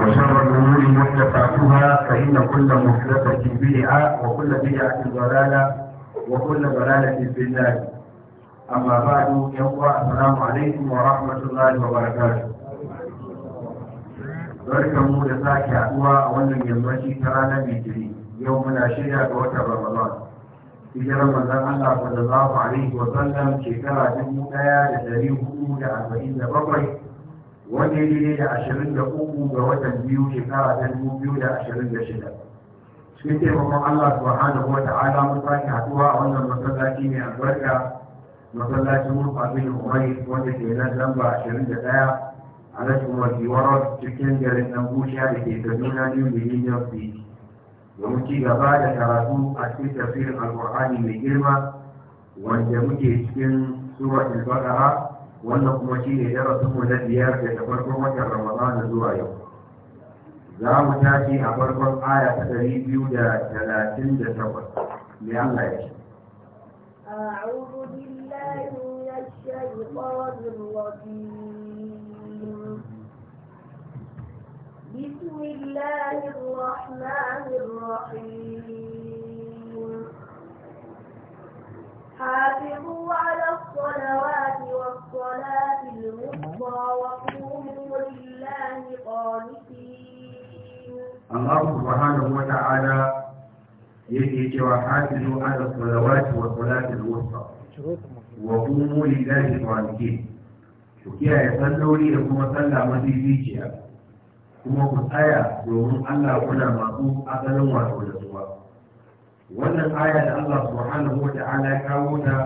وشر الأمور محدثاتها فإن كل محدثة بدعة وكل بدعة ضلالة وكل ضلالة في النار أما بعد يوم السلام عليكم ورحمة الله وبركاته ذلك مولى ساكي أقوى ولم يمشي كرانا بجري يوم لا شيء أقوى رمضان في رمضان الله صلى الله عليه وسلم شكرا جمعنا لدريه أمور أربعين بطري wanda ya daidai da ashirin da uku ga watan biyu shekara ta dubu biyu da ashirin da shida cikin taimakon allah subhanahu wa ta'ala mun sake haɗuwa a wannan masallaci mai albarka masallacin murfa bin umari wanda ke nan lamba ashirin da ɗaya a rashin mafi warar cikin garin ɗan bushiya da ke kaduna new millennium city domin ci gaba da karatu a cikin tafsirin alƙur'ani mai girma wanda muke cikin surat al-baqara wannan kuma shi ne darasinmu na biyar da daga farkon watan ramadana zuwa yau za mu tashi a farkon aya ta ɗari biyu da talatin da takwas me Allah ya ce أعوذ بالله من الشيطان الرجيم بسم الله الرحمن الرحيم حافظوا على الصلوات والصلاة الوسطى وقوموا لله قانتين الله سبحانه وتعالى yake cewa hafizu ala salawati wa salati al-wusta wa ku kiyaye salloli da kuma sallah mafi zuciya kuma ku tsaya domin Allah kuna masu asalin wato da wannan aya da Allah subhanahu wata'ala ya kawo ta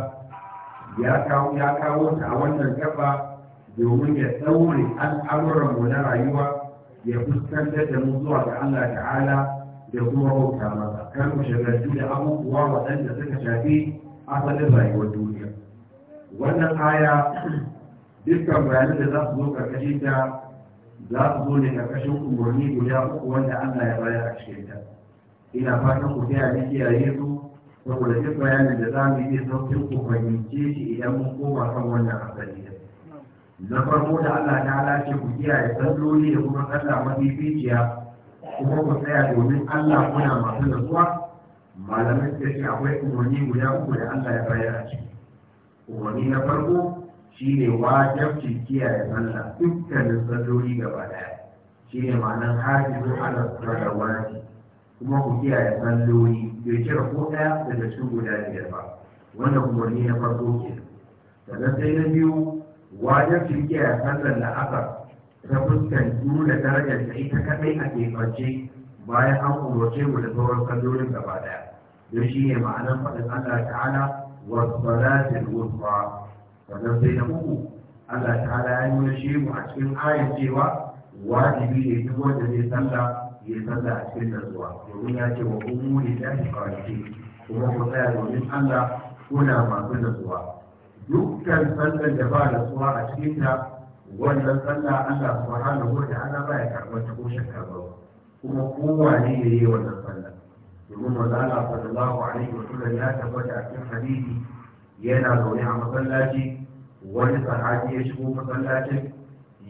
ya kawo ya kawo ta a wannan gaba domin ya daure al'amuran mu na rayuwa ya fuskantar da mu zuwa ga Allah ta'ala da kuma bauta masa kar mu shagaltu da abubuwa waɗanda suka shafi asalin rayuwar duniya wannan aya dukkan bayanan da za su zo karkashin ta za su zo ne karkashin umarni guda uku wanda Allah ya bayar a cikin ta ina fatan ku taya ni kiyaye su saboda duk bayanin da za mu yi sauƙin ku fahimce shi idan mun koma kan wannan asali na farko da Allah ta lace ku kiyaye salloli da kuma sallah mafificiya kuma ku tsaya domin Allah kuna masu nutsuwa malamai da shi akwai umarni guda uku da Allah ya bayar a ciki umarni na farko shine wajabci kiyaye sallah dukkanin salloli gaba daya ne ma'anar hajji ala salawati kuma ku kiyaye salloli bai kira ko ɗaya daga cikin guda biyar ba wannan umarni na farko ke sannan sai na biyu wajibcin kiyaye sallar da aka ta fuskan nuna darajar ta ita kaɗai a keɓance bayan an umarce mu da sauran sallolin gaba ɗaya don shi ne ma'anar faɗin Allah ta'ala wa salatul wusta sannan sai na uku Allah ta'ala ya nuna shi mu a cikin ayan cewa wajibi ne duk wanda zai sallah yi sallah a cikin nutsuwa domin ya ce wa ummu lillahi qanitin kuma ku tsaya domin Allah kuna masu nutsuwa dukkan sallar da ba nutsuwa a cikin ta wannan sallah Allah subhanahu wa ta'ala ba ya karɓar ta ko shakka ba kuma kowa ne yayi wannan sallah domin manzo Allah sallallahu alaihi wa sallam ya tabbata a cikin hadisi yana zaune a masallaci wani sahabi ya shigo masallacin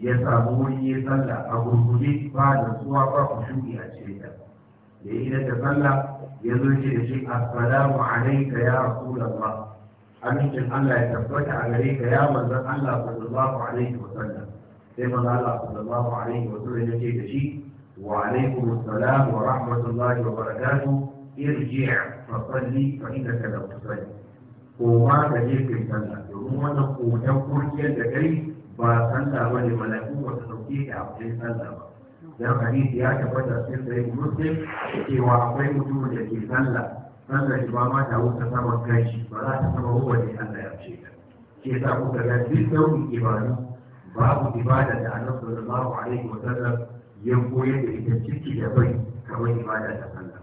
ya samu wuri ya sallah a gurguje ba da suwa ba ku shuɗi a cikin ta ya yi da sallah ya zo shi da shi assalamu alaika ya ba. amincin Allah ya tabbata a gare ka ya manzon Allah sallallahu alaihi wa sallam sai manzon Allah sallallahu alaihi wa sallam ya ce da shi wa alaikum assalam wa rahmatullahi wa barakatuh irji fa salli fa innaka lam tusalli ko ma ka je kai sallah domin wannan kotan kurkiyar da kai ba sallah ba ne mala'iku ba su dauke a cikin sallah ba dan hadisi ya tabbata sai sai muslim cewa akwai mutum da ke sallah sallah shi ba ma ta wuce saman shi, ba za ta sama ne Allah ya ce ke sa kuka ga duk nau'in ibadu babu ibada da annabi sallallahu alaihi wa sallam ya koyar da ita ciki da bai kamar ibada da sallah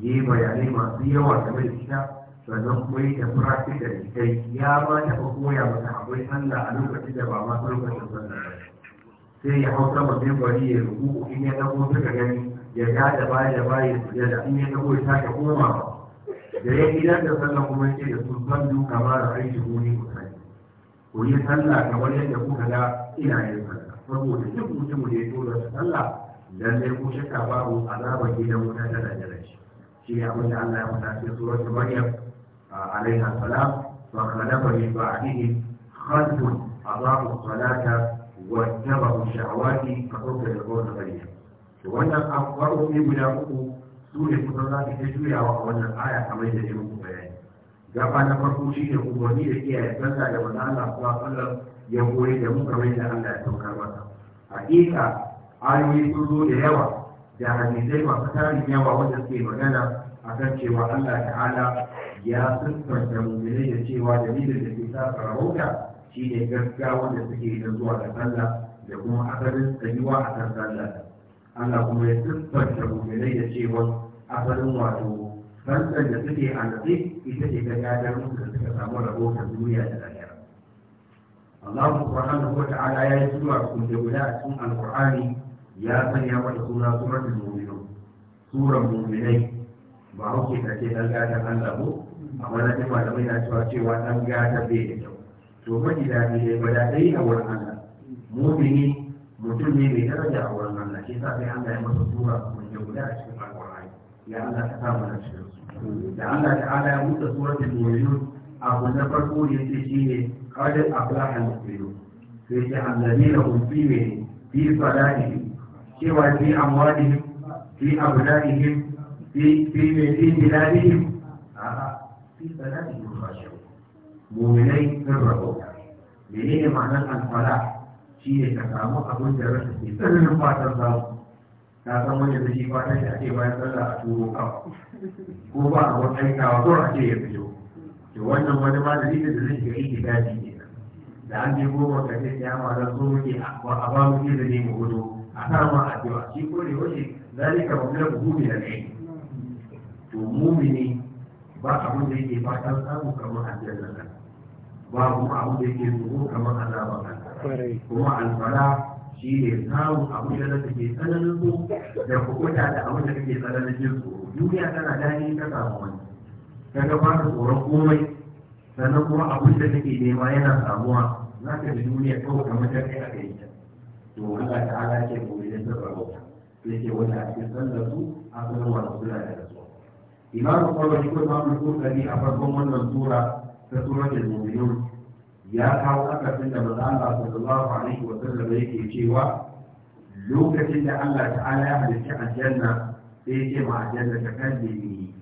yi bayanai masu yawa game da ita sannan kuma yi da practical dai ya ba ta ko koya mata akwai sallah a lokacin da ba ma lokacin sallah ba sai ya hau sama bin bari ya rubu in ya dago suka gani ya ga da baya da baya ya da in ya dago ya sake koma da ya gidan da sallah kuma yake da sun san duka ma da aiki ni ku sai ku yi sallah kamar yadda kuka ga ina yin sallah saboda duk mutumin da ya tura su sallah lallai ku shakka babu azabar gidan wuta tana jira shi shi ne abin da Allah ya faɗa cikin suratul Maryam عليها السلام فخلف من بعدهم خلف أضاعوا الصلاة واتبعوا الشهوات فقلت لقول غيرها. وأنا أقرأ في ملاقه سورة صلاة تشريع وأنا الآية حمية لمكتوبة يعني. جاب أنا فرقوشي يقولوني هي أتمنى لو أن الله صلى الله عليه وسلم يقول لي مكتوبة إلا أن لا يترك الوطن. حقيقة أي يقولوا لي هوا ده حديثين وقتال يوا وجد في مجالة أكدت وأن الله تعالى ya siffanta mummune da cewa dalilin da ke sa sarauta shi ne gaggawa da suke yi zuwa da sallah da kuma asalin tsayuwa a kan sallah Allah kuma ya siffanta mummune da cewa asalin wato sallar da suke a nasi ita ce ta gadar musu da suka samu rahoton duniya da lahira Allah subhanahu wa ta'ala ya yi zuwa sura da guda a cikin alkur'ani ya sanya mata suna suratul mu'minun suran mu'minai ba hauke ta ce dalga gadar Allah wani malamai na cewa cewa ɗan gata bai da kyau to mafi da ne ba da ɗaya a wurin Allah mumini mutum ne mai daraja a wurin Allah shi sa sai Allah ya masa sura wanda guda a cikin alƙur'ani ya Allah ta samu na cikin da Allah ala ya buɗe suratul mu'minun abu na farko da yake shine qad aflaha al-mu'minun sai ya allazina hum fi fi salatihim cewa fi amwalihim fi abdanihim fi fi fi biladihim في ثلاث مخرجات mu'minai sun rabauta menene ma'anar alfala shi ne ka جرس في ثلاث مخرجات ke fatan na san wani da shi fatan shi ake bayan sallah a turo kawo ko ba a wani aikawa ko a ce ya fito to wannan wani malami da zai shiga yi daji ne da an je goma ka ce ya ma so muke a ba mu mu a shi ne zalika buhu ne? to mu'mini ba abun da yake fatan samu kamar aljanna kan ba kuma abun da yake tsoro kamar azaba kan kuma alfara shi ne samun abun da ke tsananin su da kukuta da abin da kake tsananin jin tsoro duniya tana dani ta samu wani daga ba ka tsoron komai sannan kuma abin da kake nema yana samuwa za ka ji duniya kawai kamar ta kai a kai to Allah ta'ala ke gobe da ta rabu sai ke wata a cikin sallar su a wani kula da imam kwallon shi kuma mun kokari a farkon wannan sura ta suratul mu'minun ya kawo akasin da manzo Allah sallallahu alaihi wa sallam yake cewa lokacin da Allah ta'ala ya halitta aljanna sai ya ce ma aljanna ta kalle kallimi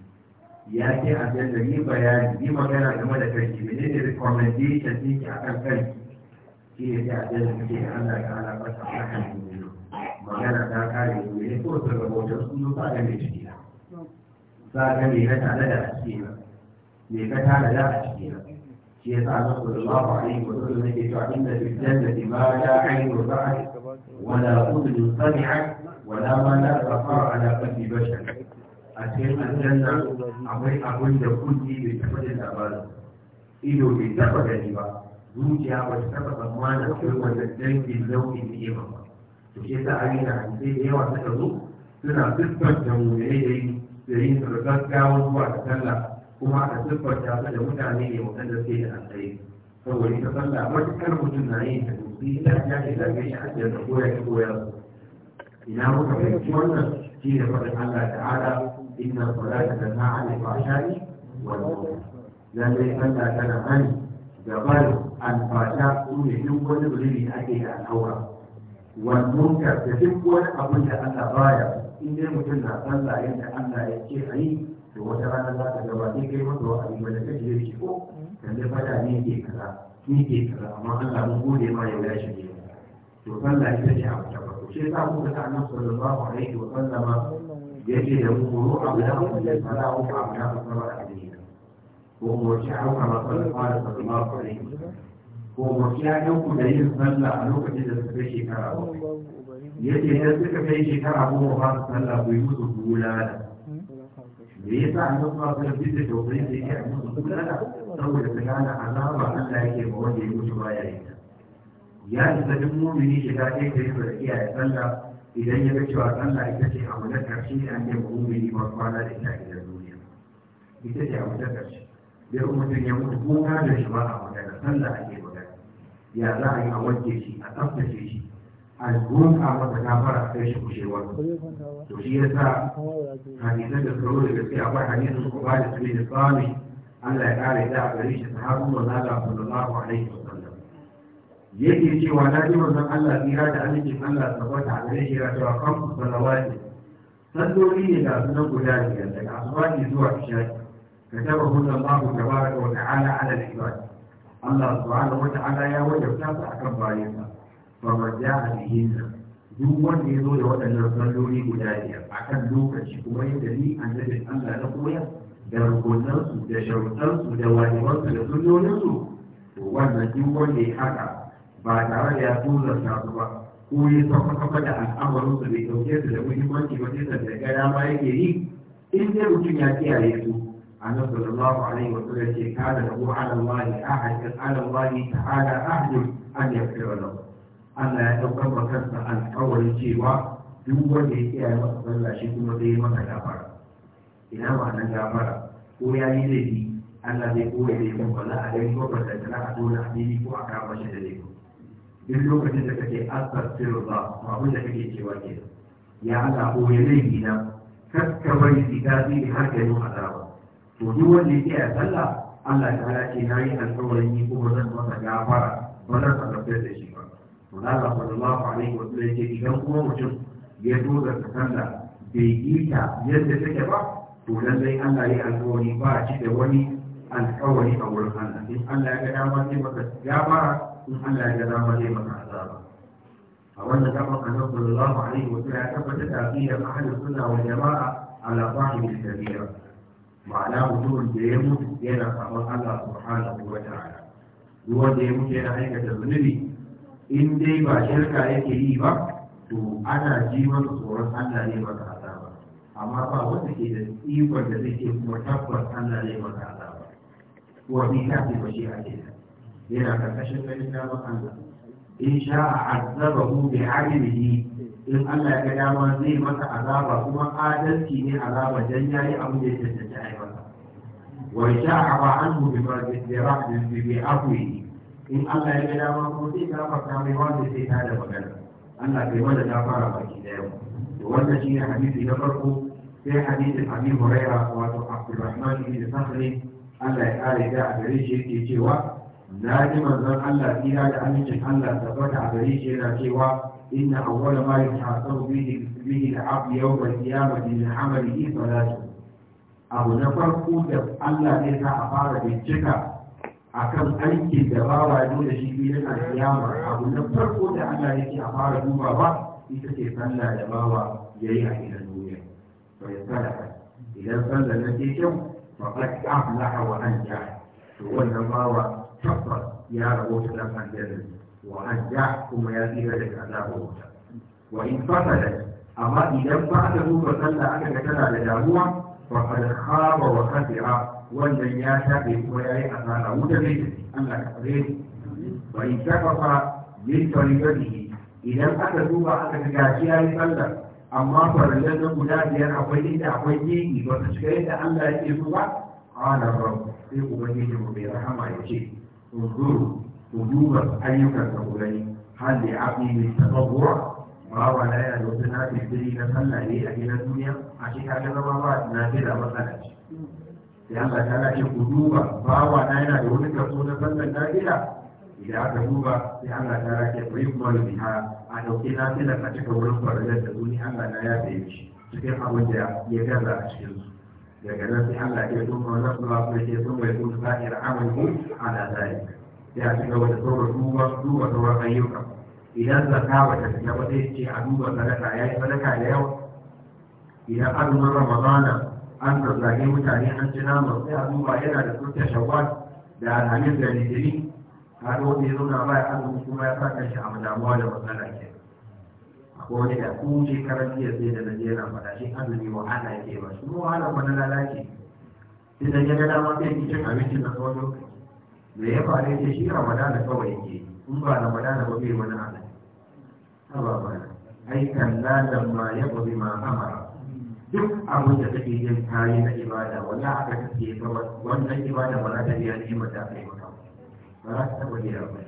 ya ce aljanna ni bayani ni magana game da kanki menene recommendation ɗinki akan kanki shi ne sai aljanna ta ce Allah ta'ala ba ta kan magana ta kare ne ko ta rabota sun zo ta ga mai ciki za ka me ka tare da a ciki na me ka tare da a ciki na shi ya sa na sallallahu alaihi wa sallam yake cewa inda fil jannati ma la aynu ra'at wa la udnu sami'at wa la ma la safara ala qalbi bashar a cikin aljanna akwai abin da kunji bai taɓa jin labarin ido bai taɓa gani ba zuciya ba ta taɓa tsammanin akwai wanda dangin nau'in ni'ima ba to shi yasa ayyuka sai da yawa suka zo suna fuskanta mu da yanayi da yin gaggawa zuwa ga sallah kuma a siffanta ta da mutane ne waɗanda suke da alkhairi saboda ita sallah matuƙar mutum na yin ta dutse ta ya ke zaɓe shi a cikin koya ta koya ina muka fahimci wannan shi ne faɗin Allah ta'ala inna salata da na ala fashari wa lalle sallah tana hani gabar alfasha su ne duk wani zulumi da ake da al'aura wal munkar da duk wani abin da Allah baya in dai mutum na sallah yadda Allah ya ce a yi to wata rana za ka gaba sai kai masa wa'azi wanda kake da oh, shi ko kalle fada ne ke kaza ni ke kaza amma Allah mun gode ma yau ya shige to sallah ita ce abu ta farko shi yasa kuka ta annabi sallallahu alaihi wa Ya ce da mu ko abu da ku da sala ko abu da ku ba a dini ko mu ci hauka ma sallallahu alaihi wa sallam ko mu ci hauka da yin sallah a lokacin da suka shekara bakwai ya ce idan suka kai shekara kuma ba su sallah ku yi musu bulala me yasa an zama masu da bisa tausayin da yake a musu bulala saboda su gane alama Allah yake ma wanda ya mutu baya yi ta. ya isa duk mumini shiga ɗaya da yasa da iyaye sallah idan ya ga cewa sallah ita ce abu na ƙarshe da an yi mumini ba kwana da ita gidan duniya ita ce abu na ƙarshe kuma mutum ya mutu ko ka da shi ba a magana sallah ake magana ya za a yi a wanke shi a tsaftace shi الجون أبغى تكبر أحتاج كوشي ولا كوشي إذا هني نبي الخروج بس يا أبغى هني نسوق بعد سمين الثاني الله يعالى دع بريش تحرم ولا لا من الله عليه وسلم يجي شيء ولا شيء ولا الله في هذا أنا شيء الله سبحانه على بريش لا تراكم ولا إذا سنقول ذلك أن الأسواق يزوع الشيء كتبه الله تبارك وتعالى على العباد الله سبحانه وتعالى يا وجه تنصح كبار يسعى faman ja a duk wanda ya zo da waɗannan salloli guda biyar a kan lokaci kuma yadda ni annabin Allah na koya, da rukunansu da sharuɗansu da wajibansu da sunnoninsu to wannan duk wanda ya haka ba tare da ya tuzarta su ba ko ya sakwasakwa da al'amarinsu bai ɗauke su da muhimmanci ba sai da gada ma yake yi in dai mutum ya kiyaye su annabi sallallahu alaihi wa sallam ce kana da ku ala Allah ahad ala Allah ta'ala ahad an Allah ya ɗaukar ma kansa alƙawari cewa duk wanda ya kiyaye masa sallah shi kuma zai yi masa gafara ina ma'anar gafara ko ya yi laifi Allah zai koya da laifin wala a gani ko kwatanta na a tona a ko a kama shi da laifin duk lokacin da kake ba, abin da kake cewa ke. ya Allah ko ya laifi na kakka bari su tasiri har ka a azaba to duk wanda ya kiyaye sallah Allah ta ce na yi alƙawarin yi kuma zan masa gafara ba zan azabtar da shi manzala sallallahu alaihi wa sallam yake idan kuma mutum ya doza ta sallah bai yi ta yadda take ba to lallai Allah ya alƙawari ba shi da wani alƙawari a wurin Allah in Allah ya ga dama zai maka gabara in Allah ya ga dama zai maka azaba a wannan gaba annabi sallallahu alaihi wa sallam ya tabbata da aqidar ahlus sunna wal jama'a ala sahibi kabira ma'ana mutumin da ya mutu yana saman Allah subhanahu wa ta'ala duk wanda ya mutu yana aikata zunubi in dai ba shirka yake yi ba to ana ji masa tsoron Allah ne masa azaba amma ba wanda ke da ikon da zai ke kuma tabbas Allah ne masa azaba wa bi ce ba shi ake yana karkashin ganin dama Allah in sha'a mu bi alihi in Allah ya ga dama zai masa azaba kuma adalci ne azaba dan yayi abu da ya tantance ai masa wa sha'a ba anhu bi bi rahmin bi afwihi in Allah ya gida ma kuma zai gafarta mai wanda zai ta da magana Allah bai wanda ta fara baki da yau to wannan shine hadisi na farko sai hadisin Abi Huraira wato Abdurrahman ibn Sakhri Allah ya kare da a gare shi yake cewa na ji manzon Allah tsira da amincin Allah tabbata a gare shi yana cewa inna awwala ma yuhasabu bihi bihi al-'abdu yawm al-qiyamati min 'amalihi salatu abu na farko da Allah zai sa a fara bincika akan aiki da bawa ne da shi na kiyama abu na farko da Allah yake a fara duba ba ita ce sallah da bawa yayi a gidan duniya to ya sadaka idan sallah na ke kyau fa qad aflaha wa anja to wannan bawa tabbas ya rabo ta dan aljanna wa anja kuma ya tsira daga azabar wuta wa in fasala amma idan ba ta duba sallah aka ga tana da damuwa فقد خاب وخسر والذي يعتقد ويعي ان لا وجد ان لا تقريب وان كفف من طريقته اذا أخذوا دوبا اتى بجاشيا يصلى اما فرجل مجاز يرى ويدي تعوي ديني وتشكيت ان لا يجيبوا قال الرب في قبيل وبرحمة يجي انظروا وجوبا ايها الاولين هل لعبدي من تطورك bawa na yana da wasu nafisiri na sallah ne a gidan duniya a shi ka zama ba na gida matsalaci sai Allah ta lace ku duba bawa na yana da wani kaso na sallah na gida idan aka duba sai Allah ta lace ku yi kwallo biha a dauke na fila a cika wurin faruwar da duniya Allah na ya bayyana shi cikin abin da ya gaza a cikin su daga nan sai Allah ya tuma wannan kuma sai ya tuma ya tuma sa'ir amalhu ala zalik ya cika wata tsoron duba duba sauran ayyuka idan zaka ba ta fita ba ce a duba sadaka ya yi sadaka da yawa idan azumin ramadana an zazzage mutane an ci naman sai a duba yana da turta shawar da alhamis da a har wanda ya zauna ba ya azumi kuma ya sa kanshi a madamuwa da matsala ke ko wani da ku ce karanci ya sai da najeriya fada shi azumi wahala yake ba shi wahala ba na lalace sai da ya ga dama sai cin abinci na tsawon lokaci da ya faru ce shi ramadana kawai ke yi in ba ramadana ba bai wani abu haba ba ai kalla lamma ya gobe ma amara duk abin da kake yin kayi na ibada wala aka kake ga wannan ibada ba za ta biya ni ba ta kai maka ba za ta taɓa biya ba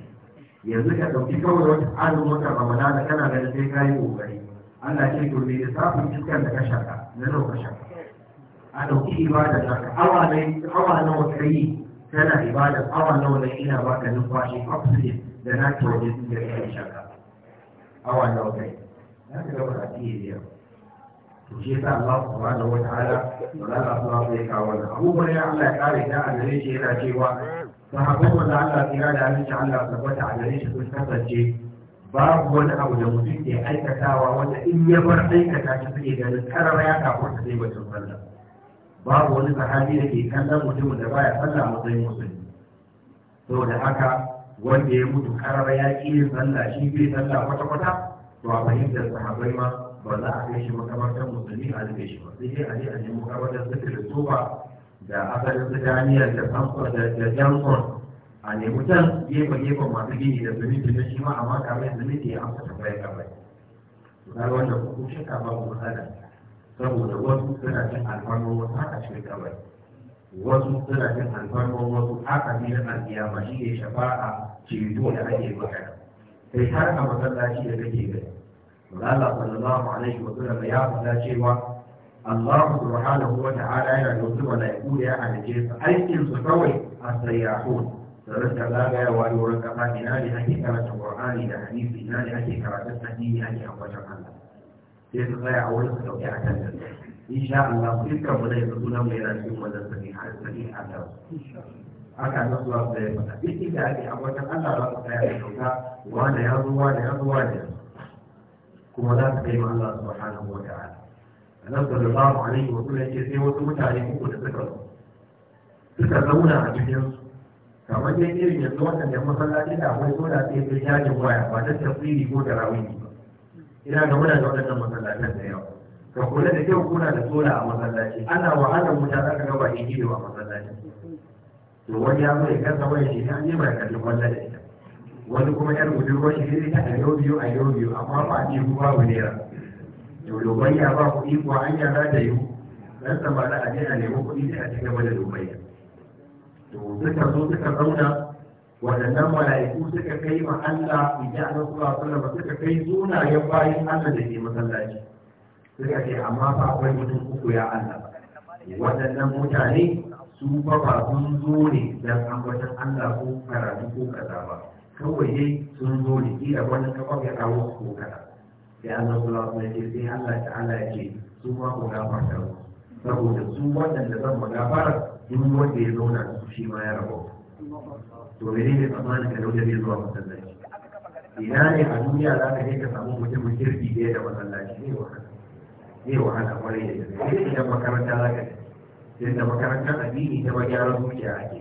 yanzu ka ɗauki kawai wata tsarin wata ramadana kana ganin sai kayi kokari Allah ce to me lissafin iskar da ka shaka na nawa ka shaka a ɗauki ibada naka awa nawa ka yi kana ibada awa nawa ne ina baka numfashi oxygen da na ta waje sun da a shaka A nawa kai na ta gaba a fiye biyar to shi sa Allah da wata ala? da za a suwa sai kawo wannan abubuwan ya Allah ya kare ta a gare shi yana cewa sahabban wanda Allah tsira da aminci Allah tabbata a gare shi sun kasance babu wani abu da mutum ke aikatawa wanda in ya bar aikata shi suke ganin karar ya kafin ta sai bacin sallah babu wani sahabi da ke kallon mutumin da baya sallah matsayin musulmi saboda haka wanda ya mutu karar ya ƙi yin sallah shi bai sallah kwata-kwata to a fahimtar sahabbai ma ba za a kai shi makamantar musulmi a zai shi ba sai dai a je a nemi makamantar su da asalin su daniyar da samson da jamson a nemi can gefe-gefen masu gini da zunubi na shi ma amma kamar zunubi ya amsa tambayar kamar to kaga wanda ko shakka ba mu matsala saboda wasu suna cin alfanu wasu haka cikin kamar wasu suna jin alfarman wasu haka ne na alkiyama shi ne shafa'a ceto da ake magana sai har a masallaci da kake gani Allah sallallahu alaihi wa sallam ya faɗa cewa Allah subhanahu wa ta'ala yana da wasu mala'iku da ya halice su aikin su kawai a sayyahun da rinka zagayawa da wurin kafa ina ne ake karanta Qur'ani da hadisi ina ne ake karatun addini ake ambaton Allah sai su tsaya a wurin su dauki akan insha Allah dukkan mu da yanzu sunan mai rashin wajen sani har sani a da haka na zuwa da ya fata duk inda ake a wajen Allah za su tsaya da kyauta wanda ya zo wanda ya zo wanda ya kuma za su kai ma Allah subhanahu wa ta'ala annabi sallallahu alaihi wa sallam ce sai wasu mutane uku da suka zo suka zauna a cikin kamar dai irin yanzu da masallaci da akwai ko da sai sai yajin waya ba ta tafsiri ko da rawuni ba ina ga muna da waɗannan masallacin da yawa ka kula da kyau kuna da sola a masallaci ana wahalar wuta za ka gaba shi a masallaci to wani ya zo ya kasa wani shi ta ne mai kallon kwallon da ita wani kuma yar ruwan shi zai ta a yau biyu a yau biyu amma ba a ɗiku babu naira to lobanya ba kuɗi kuwa an yara da yau, dan samara a je a nemi kuɗi sai a ci gaba da lobanya to suka zo suka zauna waɗannan mala'iku suka kai ma Allah idan Allah suka kai sunayen bayan Allah da ke masallaci suka ce amma a akwai mutum uku ya Allah waɗannan mutane su ba ba sun zo ne don ambatan Allah ko karatu ko kaza ba kawai dai sun zo ne kila wani kafa ya kawo ko kaza sai Allah sallallahu alaihi ce sai Allah ta'ala ya ce su ba ku gafarta saboda su waɗanda zan magafara duk wanda ya zauna da su shi ma ya rabo to me ne tsammanin ka dauke zai zuwa masallaci ina ne a duniya za ka je ka samu mutumin kirki ɗaya da masallaci ne wa kanka zai wahala kwarai da gaske idan makaranta za ka ce da makarantar addini ta gyaran zuciya ake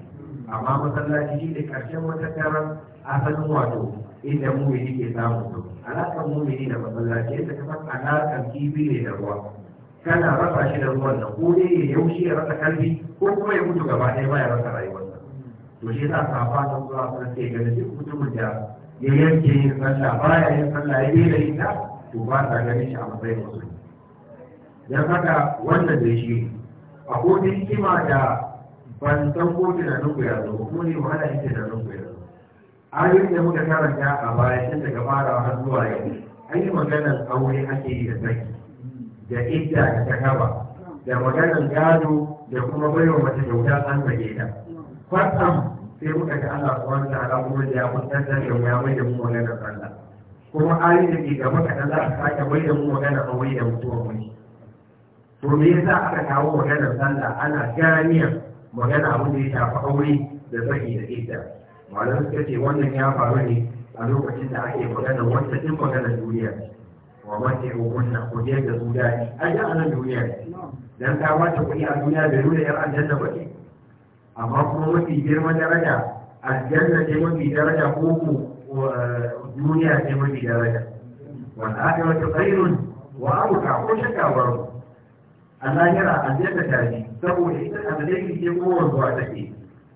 amma masallaci shi da ƙarshen matattaran asalin wato inda mumini ke samun su alaƙar mumini da masallaci yadda kamar alaƙar kifi ne da ruwa kana rasa shi da ruwan nan ko dai ya yaushe ya rasa ƙarfi ko kuma ya mutu gaba ɗaya ba ya rasa rayuwarsa to shi yasa safa ta zuwa sun ce ga duk mutumin da ya yanke yin sallah baya yin sallah ya daina yin ta to ba sa ganin shi a matsayin musulmi don haka wannan da shi a kodin hikima da ban san ko tunanin ku ya zo kuma ne wahala yake da ku ya zo ayoyin da muka karanta a baya tun daga farawa har zuwa yau an yi maganar aure ake yi da saki da idda da kaba da maganar gado da kuma baiwa mace da wuta an mage ta kwatsam sai muka ga Allah subhanahu wa ta'ala kuma da ya mutunta da mu ya mai da mu maganar Allah kuma ayoyin da ke gaba kaɗan za a sake mai da mu maganar aure da mutuwa mai to me yasa aka kawo maganar sallah ana ganiyar magana abin da ya shafi aure da saki da ita malam suka ce wannan ya faru ne a lokacin da ake magana wata din magana duniya wa mace ko kunna ko je da su dadi ai da anan duniya dan ka wata kuɗi a duniya bai nuna yar aljanna ba amma kuma mafi girman daraja aljanna ce mafi daraja ko ko eh, duniya ce mafi daraja wal akhiratu khairun wa abqa ko shakka baro a lahira a je ka saboda ita alheri ke kowar zuwa take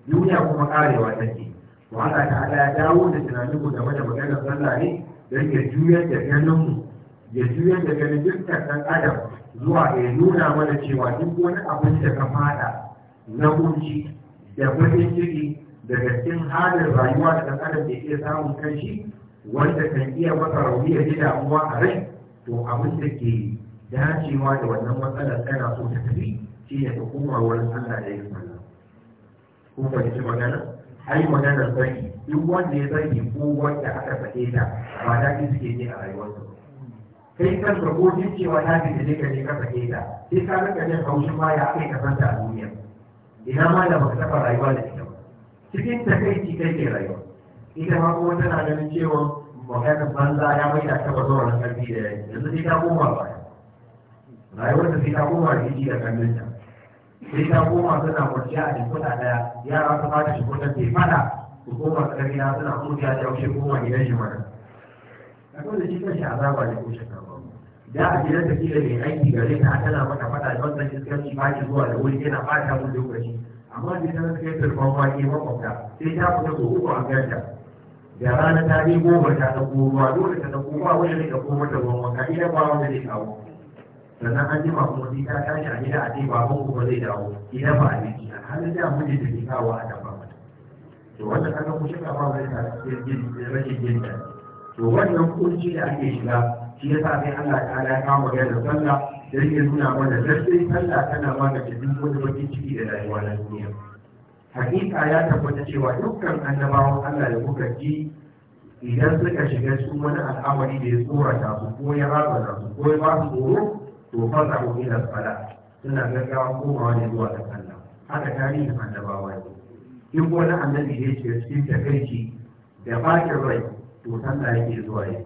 duniya kuma karewa take to Allah ta'ala ya dawo da tunanin mu game da maganar sallah ne don ya juyar da ganin mu ya juyar da dukkan ɗan adam zuwa ya nuna mana cewa duk wani abin da ka fada na kunci da bakin ciki daga cikin halin rayuwa da ɗan adam da ke samun kanshi wanda kan iya masa rauni ya ji damuwa a rai to abin da ke dacewa da wannan matsalar tana so ta tafi shi ne hukumar wurin Allah da ya yi Ko ba fahimci magana ai maganar sarki, duk wanda ya sarki ko wanda aka sake ta ba da suke ne a rayuwarsa kai kan ka ko duk cewa ta fi da ka ne ka sake ta sai ka rika jin haushin baya akai ka santa a duniya ina ma da baka taɓa rayuwa da ita ba cikin takaici kai ke rayuwa ita ma kuma tana ganin cewa maganar banza ya maida ta bazawarar karfi da yanzu sai ta koma baya rayuwar sai ta koma jiki da kallonta sai ta koma suna kwanciya a jikuna ɗaya, yara su ba da jikunan bai fada su koma tsariya suna kurciya da yaushe koma gidan shi mara akwai da shi kanshi azaba da ko shakka ba da a gidan da kila mai aiki gare ta tana mata fada da wannan iskanci ba ki zuwa da wuri yana fata mun lokaci amma da ta kai turban wake makwabta sai ta fita ko uku an ganta da rana ta je goma ta ɗauko ruwa dole ta ɗauko ba ne ka ɗauko mata ruwan wanka idan ba wanda zai kawo sannan an jima kuma sai ta tashi a gida a ce baban ku ba zai dawo idan ba a yi a halin da mun da ke kawo a dafa mata to wannan kaga ku shiga ba wai ta rashin jin Da to wannan kunci da ake shiga shi yasa sai Allah ta ala ka mu da sallah da ya nuna mana lalle sallah tana magance duk wani bakin ciki da rayuwa na duniya hakika ya tabbata cewa dukkan annabawan Allah da kuka ji idan suka shiga su wani al'amari da ya tsorata su ko ya razana su ko ya ba su tsoro to fasa'u ila sala suna gaggawa komawa ne zuwa ta sallah haka da annabawa ne in wani annabi ya ce cikin takaici da bakin rai to sallah yake zuwa yi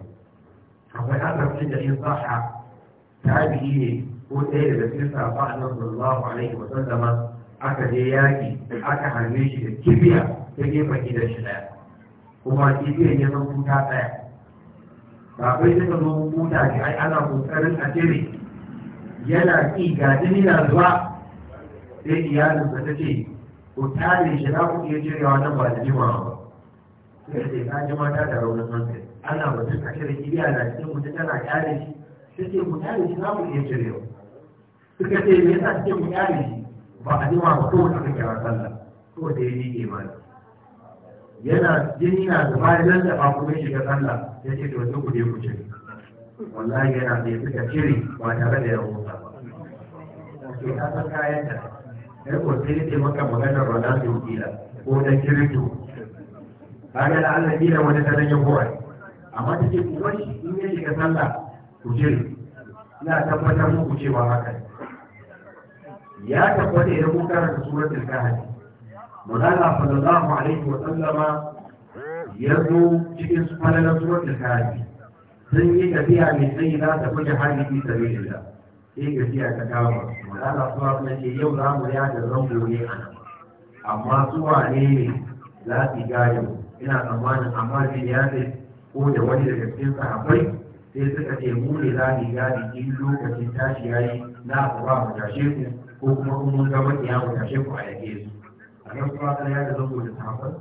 akwai azabci da in saha tabi'i ne ko ɗaya daga cikin safa a nan sallallahu alaihi wa sallama aka je yaƙi aka harbe shi da kibiya ta gefen gidan shi ɗaya kuma kibiyar ya zan kuta ɗaya ba kai suka zo kuta shi ai ana ƙoƙarin a cire yana ƙi ga jini na zuwa sai iyalinsa ta ce ku tare shi za ku iya cirewa nan ba da jimawa ba sai ce ka ji mata da raunin hankali ana mutum a cire iya na cikin mutu tana ƙyale shi sai ce ku tare shi za ku iya cirewa suka ce me yasa cikin ku ƙyale shi ba a jima ba kowace aka kira sallah ko da ya yi ba yana jini na zuba ya ba kuma shiga sallah ya ce to sai ku je ku cire wallahi yana da suka cire ba tare da yawon ba ke kasar kayan ta ya ko sai ce maka maganar rana su kila ko na kirito kaga da Allah kila wani ta rage kowai amma take kuwar shi in ya shiga sallah ku cire ina tabbatar muku cewa haka ya tabbata idan mun karanta suratul kahf magana sallallahu alaihi wa sallama ya zo cikin falalar suratul kahf sun yi tafiya mai tsayi za ta fi jihadi fi sabilillah sai tafiya ta kama Allah kuma kuma ce yau za mu yada zango ne a nan amma su wane ne za su gaya mu? ina tsammanin amma zai ya ce ko da wani daga cikin sahabbai sai suka ce mu ne za mu gadi in lokacin tashi yayi na asuba mu tashe ku ko kuma kun mun ga makiya mu tashe ku a yake su a nan kuma ya da zango da sahabbai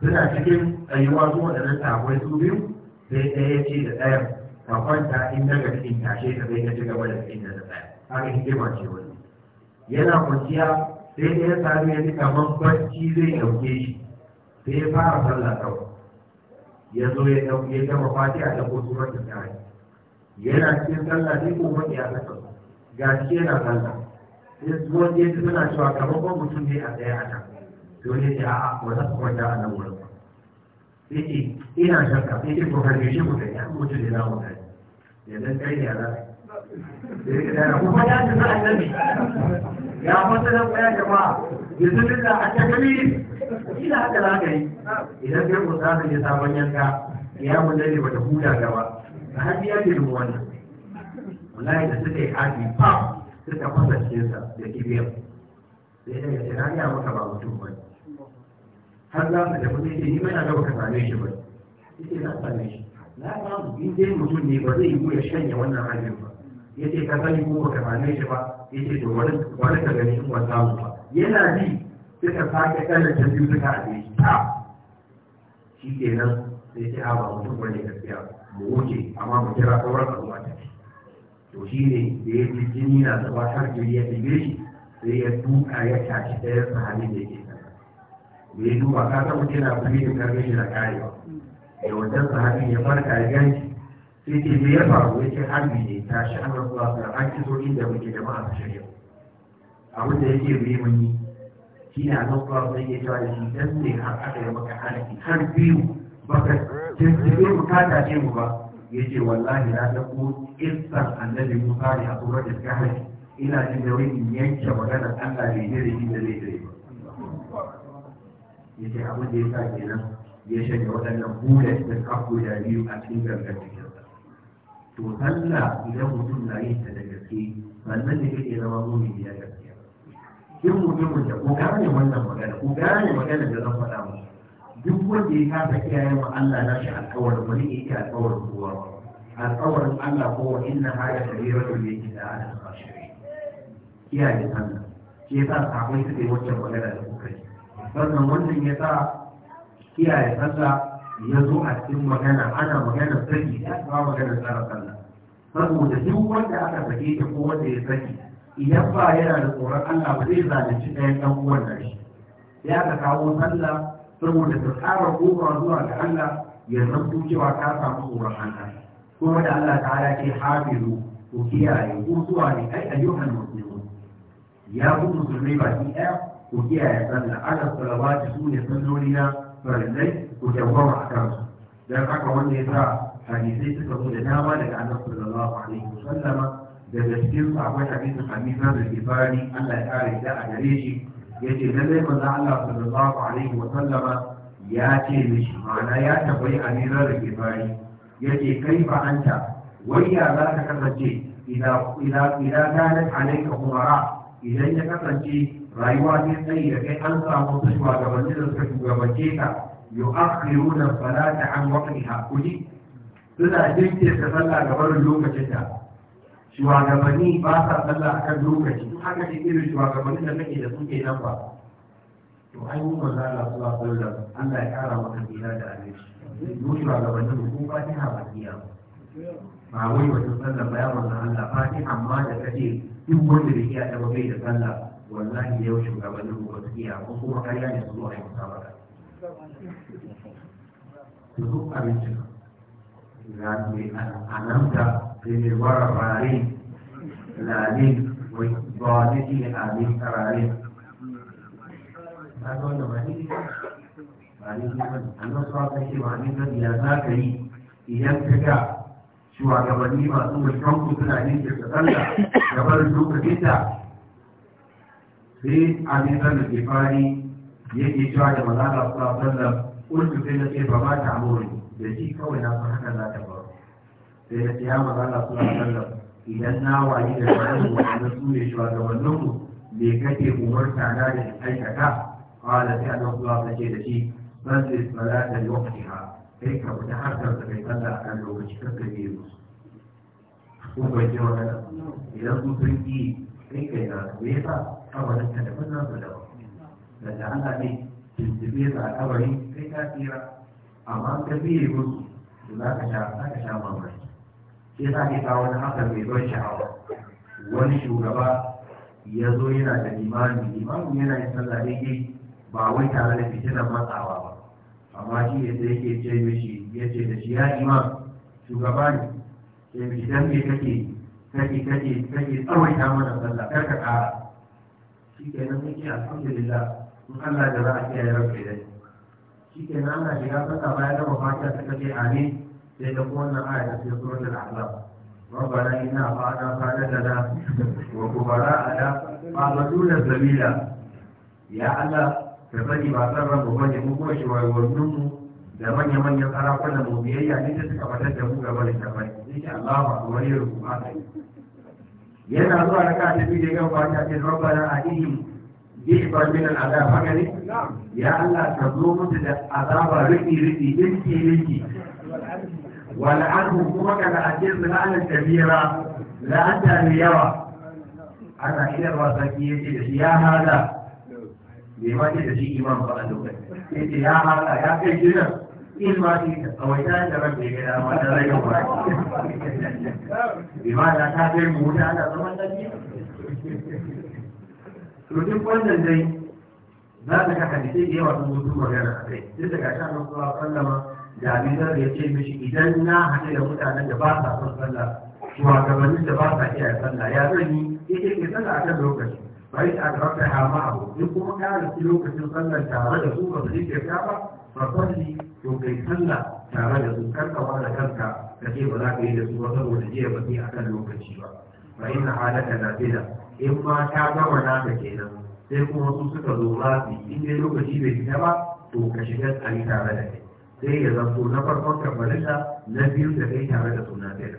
suna cikin tsayuwa su waɗannan sahabbai su biyu sai ɗaya ce da ɗayan ka kwanta in daga cikin tashe ka zai ka ci gaba da cikin da ɗaya haka hikima ce wani yana kwanciya sai ɗaya sami ya ji kamar barci zai ɗauke shi sai ya fara sallah kawai ya zo ya ɗauke ya gama fatiha da ko surar da kare yana cikin sallah sai ko wani ya saka ga shi yana sallah sai wani ya suna cewa kamar mutum ne a ɗaya a can to ne a'a wani kwanta a nan wurin yake ina shakka yake ko harbe shi ku kai an mutu da za mu kai yanzu kai ne ala kuma ya ji za a nabi ya kwanta da kwaya jama'a yanzu duk da a takali ina haka za idan kai ku tsara ya sabon yanka ya mu dare bata huda gaba a hajji ya ji mu wannan wallahi da suka yi haji pam suka fasa cikinsa da kibiyar sai ya ce na ya maka ba mutum ba har za ka tafi ne ni mai ga baka same shi ba yace na same shi na samu in dai mutum ne ba zai yi ya shanye wannan hanyar ba yace ka sani ko baka same shi ba yace to wani wani ka gani in ba mu ba yana bi suka sake kallon ta biyu suka haɗe shi ta shi kenan sai ce a ba mutum wani gaskiya mu wuce amma mu kira sauran al'umma ta to shi ne da ya ji jini na zuba har jiri ya ɗige shi sai ya tuka ya tashi ɗayan sahabi da ke. da ya duba ka san mutum yana kuli da karfe shi na karewa da wajen sahabi ya farka ya ganci sai ce me ya faru ya ce harbi ne ta shi an rasu a tsara an ci sokin da muke da ma'a shirya abin da yake bai mun yi shi ne a nan kuwa sai ya cewa da shi dan ne har aka yi maka halaki har biyu baka jirgin bukata ce mu ba ya ce wallahi na ko iskar annabi musa ne a tsoron da suka ina jin da wani yanke maganar allah bai ne da shi da zai ba ya ce abin da ya sa kenan ya shanya waɗannan bulet da kafo da biyu a cikin gangar jikinsa to sallah idan mutum na yin ta da gaske sannan da yake zama mumini ya gaskiya in mutumin da ko gane wannan magana ko gane magana da zan faɗa musu duk wanda ya kasa kiyaye ma Allah na shi alƙawarin wani yake alƙawarin kowa alƙawarin Allah ko wa inna haya kabiratu ne ke da ala khashiri kiyaye sannan shi sa sahabbai suka yi wancan magana da sannan wannan ya sa kiyaye sallah ya zo a cikin magana ana magana saki ya kawo magana tsara sallah saboda duk wanda aka sake ta ko wanda ya saki idan ba yana da tsoron Allah ba zai zalunci ɗayan ɗan uwan da shi ya ka kawo sallah saboda ta tsara kofa zuwa ga Allah ya zanto cewa ka samu tsoron Allah kuma da Allah ta'ala ke hafizu ku kiyaye ko zuwa ne ai ayyukan muslimu ya fi musulmai baki ɗaya ku kiyaye sallah ana salawati su ne salloli na farillai ku dawwama a kansu dan haka wanda ya sa hadisai suka zo da dama daga annabi sallallahu alaihi wasallama daga cikin akwai hadisin hadisa da kifari Allah ya kare da a gare shi yace lallai manzo Allah sallallahu alaihi wasallama ya ce mishi ma'ana ya tabbai amira da kifari yace kai fa anta wai ya za ka kasance idan idan idan kanat alayka umara idan ya kasance rayuwa ta tsayi da kai an samu su shugabanni da suka shugabance ka yu'akhiruna salata an waqtiha kuji suna jinkirta sallah gaban lokacin ta shugabanni ba sa sallah kan lokaci duk haka ne irin shugabanni da kake da suke nan ba to an yi manzo Allah sallallahu alaihi wasallam Allah ya kara maka dila da aminci mu shugabanni mu kuma fatiha ba kiya ba wai wata sallah ba ya manzo Allah fatiha amma da kace duk wanda bai iya da bai da sallah wallahi yau shugabannin mu ba su iya ko kuma kariya ne su zuwa a yi musabaka su zo a bincika ga mai ananta da mai wara rare lalin wai ba wani shi ne a ne karare ta zuwa da wani ba ne ba annan ta ce ba ne zan ya za ka yi idan ka ga shugabanni masu mutum ku suna yin kirkatalla gabar lokacin da Sai abin zan da ke fari yake cewa da maza mazala su sallam ulku sai na ce ba ma ta amuri da shi kawai na san hakan za ta faru sai na ce ya mazala su sallam idan na wayi da wani wanda su ne shugabannin mu me kake umarta na da aikata kawai sai annabi sallallahu alaihi wasallam ce da shi salli salata waqtiha sai ka fita harkar da kai sallah akan lokaci kar ka biye musu ko bai ji idan sun sun yi sai kai na me yasa kabarinka da banna su daban daga ana ne tuntube ka a kawarin kai ta tsira amma ka biye musu su za ka sha za ka sha mamaki sai za ka kawo wani haka mai ban sha'awa wani shugaba ya zo yana da limami limami yana yin sallah daidai ba wai tare da fitinan matsawa ba amma shi ne sai yake ce mishi ya ce da shi ya imam shugaba ne sai mishi dan me kake kake kake kake tsawaita mana sallah kar ka kara shike nan ke alhamdulillah mun Allah da za a kiyaye yau ke dai shike nan ana shiga sassa bayan da mafaka ta kace amin sai ta kuma wannan aya da ce surat al-ahlam rabbana inna fa'ana fa'ana lana wa kubara ala fa'amaduna zabila ya Allah ka sani ba san ran mu bane mu kuma shawarwarnin mu da manya-manyan sarakunan mu biyayya ne ta ka fatar da mu gaba da shafai. Insha Allah ba kuma yin rubu ba yana zuwa na kasa biyu da ya gaba ta ce rabbana adihim bi'bar min al'adab haka ne ya Allah ka zo musu da azaba riki riki dinki dinki wal anhu kuma ka la'ajir la'alan kabira la'anta ne yawa ana iya wasa ki yace da shi ya hada bai ma ce da shi imam ba a lokacin yace ya hada ya kai gidan in shi ta da ya dama da rage wa imana ta kai mu wuta ana zaman lafiya to duk wannan dai za ka kaka da yawa sun mutu magana a kai duk daga sha nan kuma sallama da abizar ya ce mishi idan na haɗe da mutanen da ba sa son sallah shugabannin da ba sa iya sallah ya zan yi yake ke sallah a kan lokaci bai a karanta hama abu duk kuma ƙara lokacin sallar tare da su ba su ke ba ba to kai sallah tare da su karka ba da kanka ka ce ba za ka yi da su ba saboda jiya ba sai akan lokaci ba fa inna halaka nafila in ma ta gama naka kenan sai kuma su suka zo za su yi in dai lokaci bai fita ba to ka shiga tsari tare da kai sai ya zanto na farkon kabbalinta na biyu da kai tare da suna fira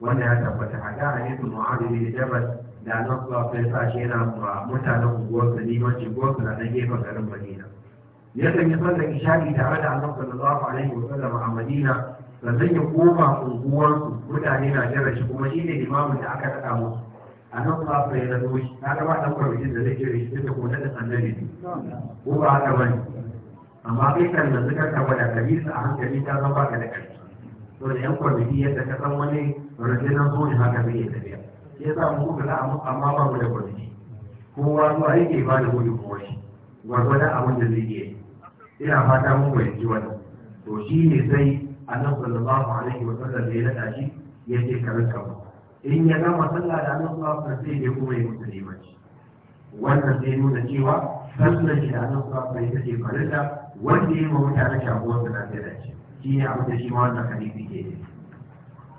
wanda ya tabbata a ga hadisin mu'adili da jabal da annabi sallallahu yana wasallam yana mutanen unguwar neman limanci unguwar sa gefen garin Madina yakan yi sallar isha'i tare da annabi sallallahu alaihi wa sallam a Madina sannan ya koma unguwarsu mutane na jira shi kuma shine limamin da aka kada musu annabi ba su yana doshi na ga ba dan barkin da zai jira shi duk kuma da annabi ne ko ba haka bane amma kai kan da ka kaba da kabisa a hankali ta zama ka da kai to da yan kwamiti yadda ka san wani rundunar zo ne haka zai yi tafiya ya sa mu kuka amma ba mu da kwamiti kowa zuwa yake ba da gudunmuwar shi gwargwadon abin da zai iya yi ina fata mun fahimci wannan to shi ne sai annabi sallallahu alaihi wa sallam ya nada shi ya ce ka rinka mu in ya gama sallah da annabi sallallahu alaihi wa sallam sai kuma ya mutu limanci wannan sai nuna cewa sallar shi da annabi sallallahu alaihi wa sallam ya farilla wanda ya yi wa mutane shafuwar da na tsira ce shi ne abin da shi ma wannan hadisi ke yi.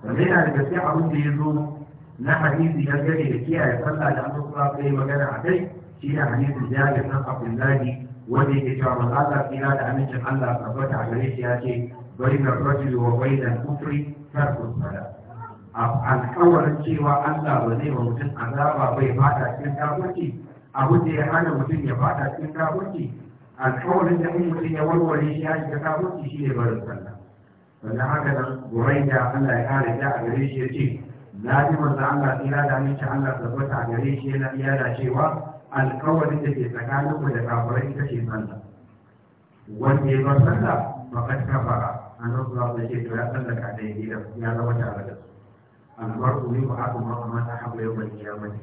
wanda yana da gaske abin da ya zo na hadisi dangane da kiyaye sallah da annabi sallallahu alaihi wa sallam magana a kai shi ne hadisin jabir bin abdullahi wanda yake cewa za ta tsira da amincin Allah tabbata a gare shi ya ce bainar rajul wa bainal kufri tarku a alƙawarin cewa Allah ba zai wa mutum azaba bai fata cikin kafirci abu da ya hana mutum ya fata cikin kafirci alƙawarin da mutum ya warware shi ya shiga kafirci shi ne barin sallah wanda haka nan gurai da Allah ya kare ta a gare shi ya ce na ji manzo Allah tsira da amincin Allah sabbata a gare shi yana iya cewa alkawarin da ke tsakanin ku da kafirai ita ce sallah wanda ya bar sallah faqad kafara annabi sallallahu alaihi wasallam to ya sallaka da ya ya zama tare da su albar ku ne ba haka ma kuma ta habla yau bai kiyama ne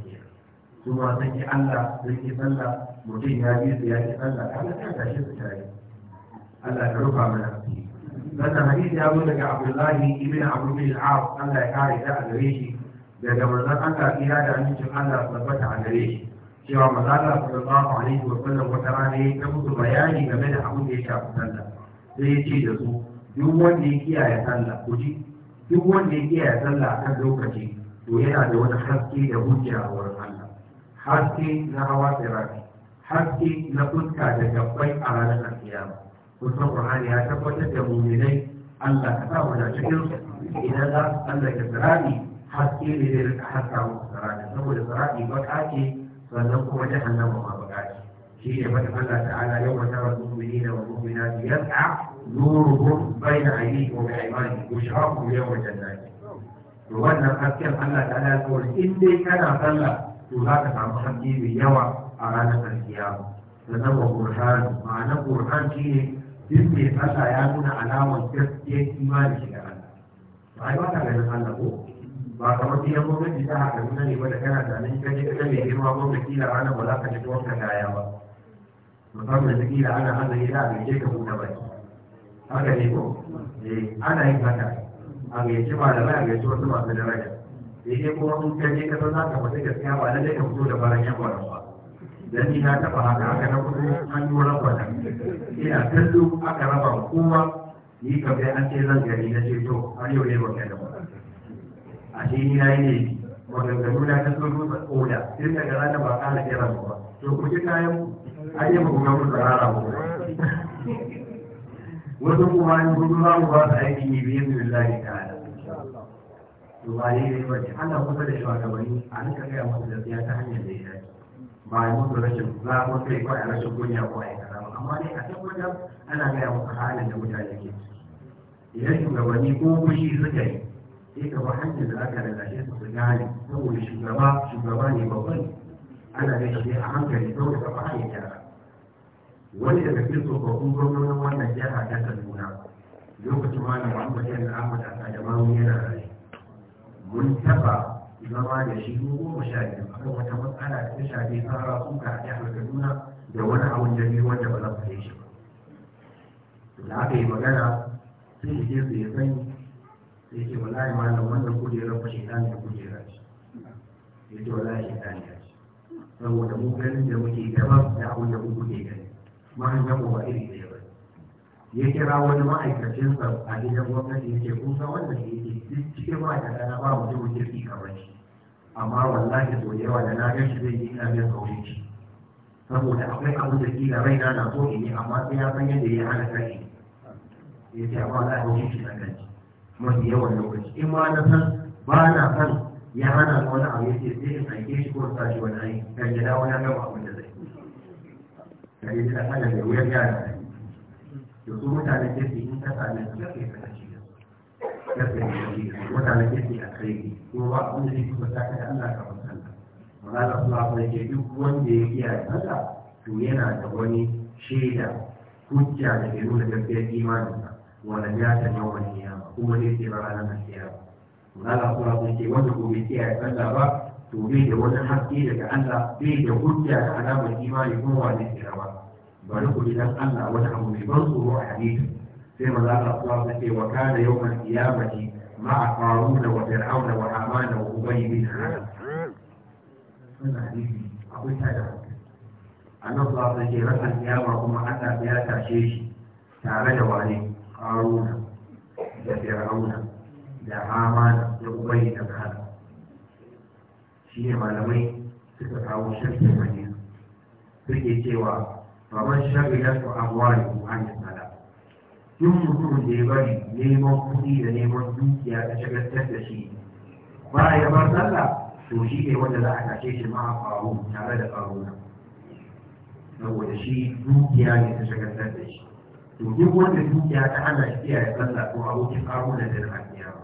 su ma san ki Allah sun ki sallah mutum ya bi su ya ki sallah kaga ta tashi su tare Allah ya rufa mana asiri sannan hadisi ya zo daga Abdullahi ibn Amr bin al Allah ya kare ta a gare shi daga manzon Allah ya da amincin Allah tabbata a gare shi cewa mazala sallallahu alaihi wa sallam wata rana ya ta musu bayani game da abin da ya shafi sallah sai ya ce da su duk wanda ya kiyaye sallah ku ji duk wanda ya kiyaye sallah kan lokaci to yana da wani haske da hujja a wurin Allah haske na hawa sirafi. haske na fuska da gabbai a ranar alkiyama kusan Qur'ani ya tabbatar da mu'minai Allah ka sa mu da cikin idan za su tsallake sirafi, haske ne zai rika haska musu sirafi, saboda sirafi baka ce فالنوم هو جهنم وغرقات فيه فتح الله تعالى يوم ترى المؤمنين والمؤمنات يسعى نورهم بين ايديهم وبايمانهم بشراهم يوم الجنات وأن أكثر أن تعالى يقول إني أنا أصلى تلاقى مع محمد بيوى أرانا الثياب فنوى قرآن معنى قرآن كي إني أصلى يا أبونا على وجه إيمان الشيخ الله فأيوة تعالى يقول ba kamar kila gwamnati ta haka nuna ne ba da kana tunanin ka je ka mai girma gwamnati kila ranar ba za ka ji tuwon ka kaya ba musamman da kila ana hanzari da a gaje ka buɗe ba. haka ne ko eh, ana yin haka a gaje malamai a gaje wasu masu daraja daidai eh, kuma in ka je ka san za ka fita gaskiya ba lallai ka fito da baran yan gwanon ba dan ni na taɓa haka haka na kudu an yi wurin gwanon ina kallo aka raba kowa ni kamar an ce zan gari na ce to har yau ne ba kai da ba a na yi ne maganganu na ta sun rusa koda tun daga ranar ba kala kira ba to ku ji kayan an yi bugu gabu tsarara ba wasu kuma yin gudu za mu ba su aiki ne biyan ta ta'ala to ba ne ne bace ana kusa da shugabanni a nan nika gaya musu da ya ta hanyar da ya dace ba a musu rashin za a mu kai kawai a rashin kunya ko a yi karama amma ne a tabbatar ana gaya musu halin da mutane ke idan shugabanni ko kushi suka yi sai ka ba hanyar da aka lalace su su gane saboda shugaba shugaba ne babban ana da shi a hankali saboda ka ba hanyar gyara wani daga cikin tsofaffin gwamnonin wannan jiha ta kaduna lokacin malam muhammad yan ahmad a kadamawu yana raye mun taba zama da shi goma sha biyu akan wata matsala ta shafi fara kuka a jihar kaduna da wani abun da biyu wanda ba za ku yi shi ba da aka yi magana sai da ke su ya sani wallahi malam wannan kujerar ba shi ne kujera ce ya ce wallahi shaitan ya ce saboda mu ganin da muke gaba da abin da muke gani mahanjan mu ba iri ɗaya ba ya kira wani ma'aikacinsa a gidan gwamnati ya ce kun san wannan ya ce duk cikin ma'aikata na ba mutum kirki kamar shi amma wallahi sau da yawa da na gan shi zai yi ina bin saurin shi saboda akwai abu da kila raina na so in yi amma sai ya san yadda ya hana kai ya ce amma za a yi shi na ganci mafi yawan lokaci in ma na san ba na san ya hana ni wani abu yake sai in aike shi ko sa shi wani aiki kan gida wani na gama abin da zai da ya da kana da wuyar yara to su mutane ke su in ka same su kai ka ci da kai ka ci mutane ke su a kai ko ba abin da yake kusa ka da Allah ka Allah. magana Allah ko yake duk wanda ya kiyaye haka to yana da wani shaida hujja da ke nuna gaskiyar imaninsa wanda ya ta yawan kiyama kuma zai ba a ranar kiyama Allah kuma zai ce wanda gobe kiyaye Allah ba to bai da wani haske daga Allah bai da hujja da alamar imani kuma wani kira ba bari ku idan Allah wani abu mai ban tsoro a hadisi sai maza Allah kuma zai ce wa kana yawmal qiyamati ma'a qaruna wa fir'auna wa hamana wa ubay bin halal wannan hadisi akwai tada annabi sallallahu alaihi wasallam ya ce ran kiyama kuma Allah ya tashe shi tare da wani qaruna da fir'auna da hama da ubai da kala shi ne malamai suka kawo shirkin hadisi suke cewa faman shagila su amwari ko an sala Yin mutum da ya bari neman kuɗi da neman dukiya ta shagaltar da shi ba ya bar sallah to shi ne wanda za a kashe shi ma a faru tare da faruna saboda shi dukiya ne ta shagartar da shi to duk wanda dukiya ta hana shi ya sallah ko abokin haruna da rahiya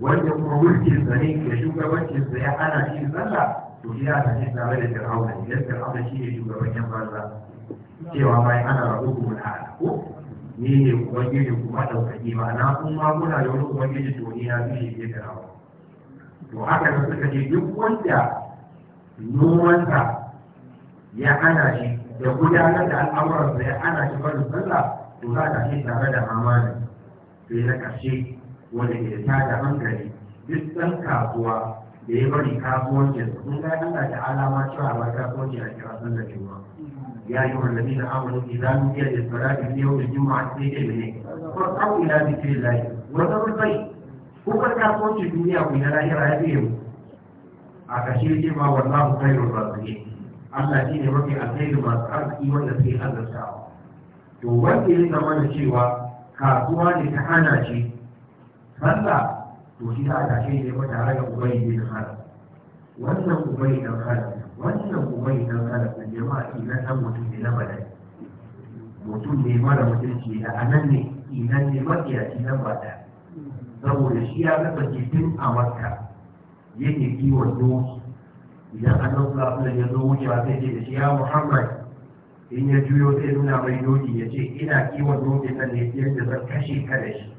wanda kuma mulkin zane ke shugabancin sa ya hana shi sallah to shi ya shi tare da fir'auna idan fir'auna shi ne shugaban yan banza cewa bayan ana rabu kuma da ko ne ne ubangiji kuma ɗaukaki Na kun ma muna da wani ubangiji to ne ya fi shi ke to haka da suka ce duk wanda nomansa ya hana shi da gudanar da al'amuransa ya hana shi barin sallah to za ka ce tare da amana sai na ƙarshe wanda ke da tada hankali duk ɗan kasuwa da ya bari kasuwancin sun ga Allah ta alama cewa ba kasuwanci a kira sun da cewa ya yi wanda ne ke za mu iya da tsara da biyu da a cikin da ne ko abu ila bi ce lai wanda sai ko ka kasuwanci duniya ku na lahira ya biyu a kashe ce ma wallahu khairur raziqin Allah shi ne mafi alkhairu masu arziki wanda sai azurtawa to wanda ya zama da cewa kasuwa ne ta hana shi sallah to shi za a tashe ne ba tare da ubai ne da halar wannan ubai dan halar wannan ubai dan halar da jama'a idan nan mutum ne na badai mutum ne mara mutunci da anan ne idan ne matsiyaci nan ba da saboda shi ya kasance tun a makka yake kiwon doki idan annabi sallallahu alaihi wasallam ya zo wucewa sai ce da shi ya muhammad in ya juyo sai nuna mai doki ya ce ina kiwon doki nan ne yadda zan kashe ka da shi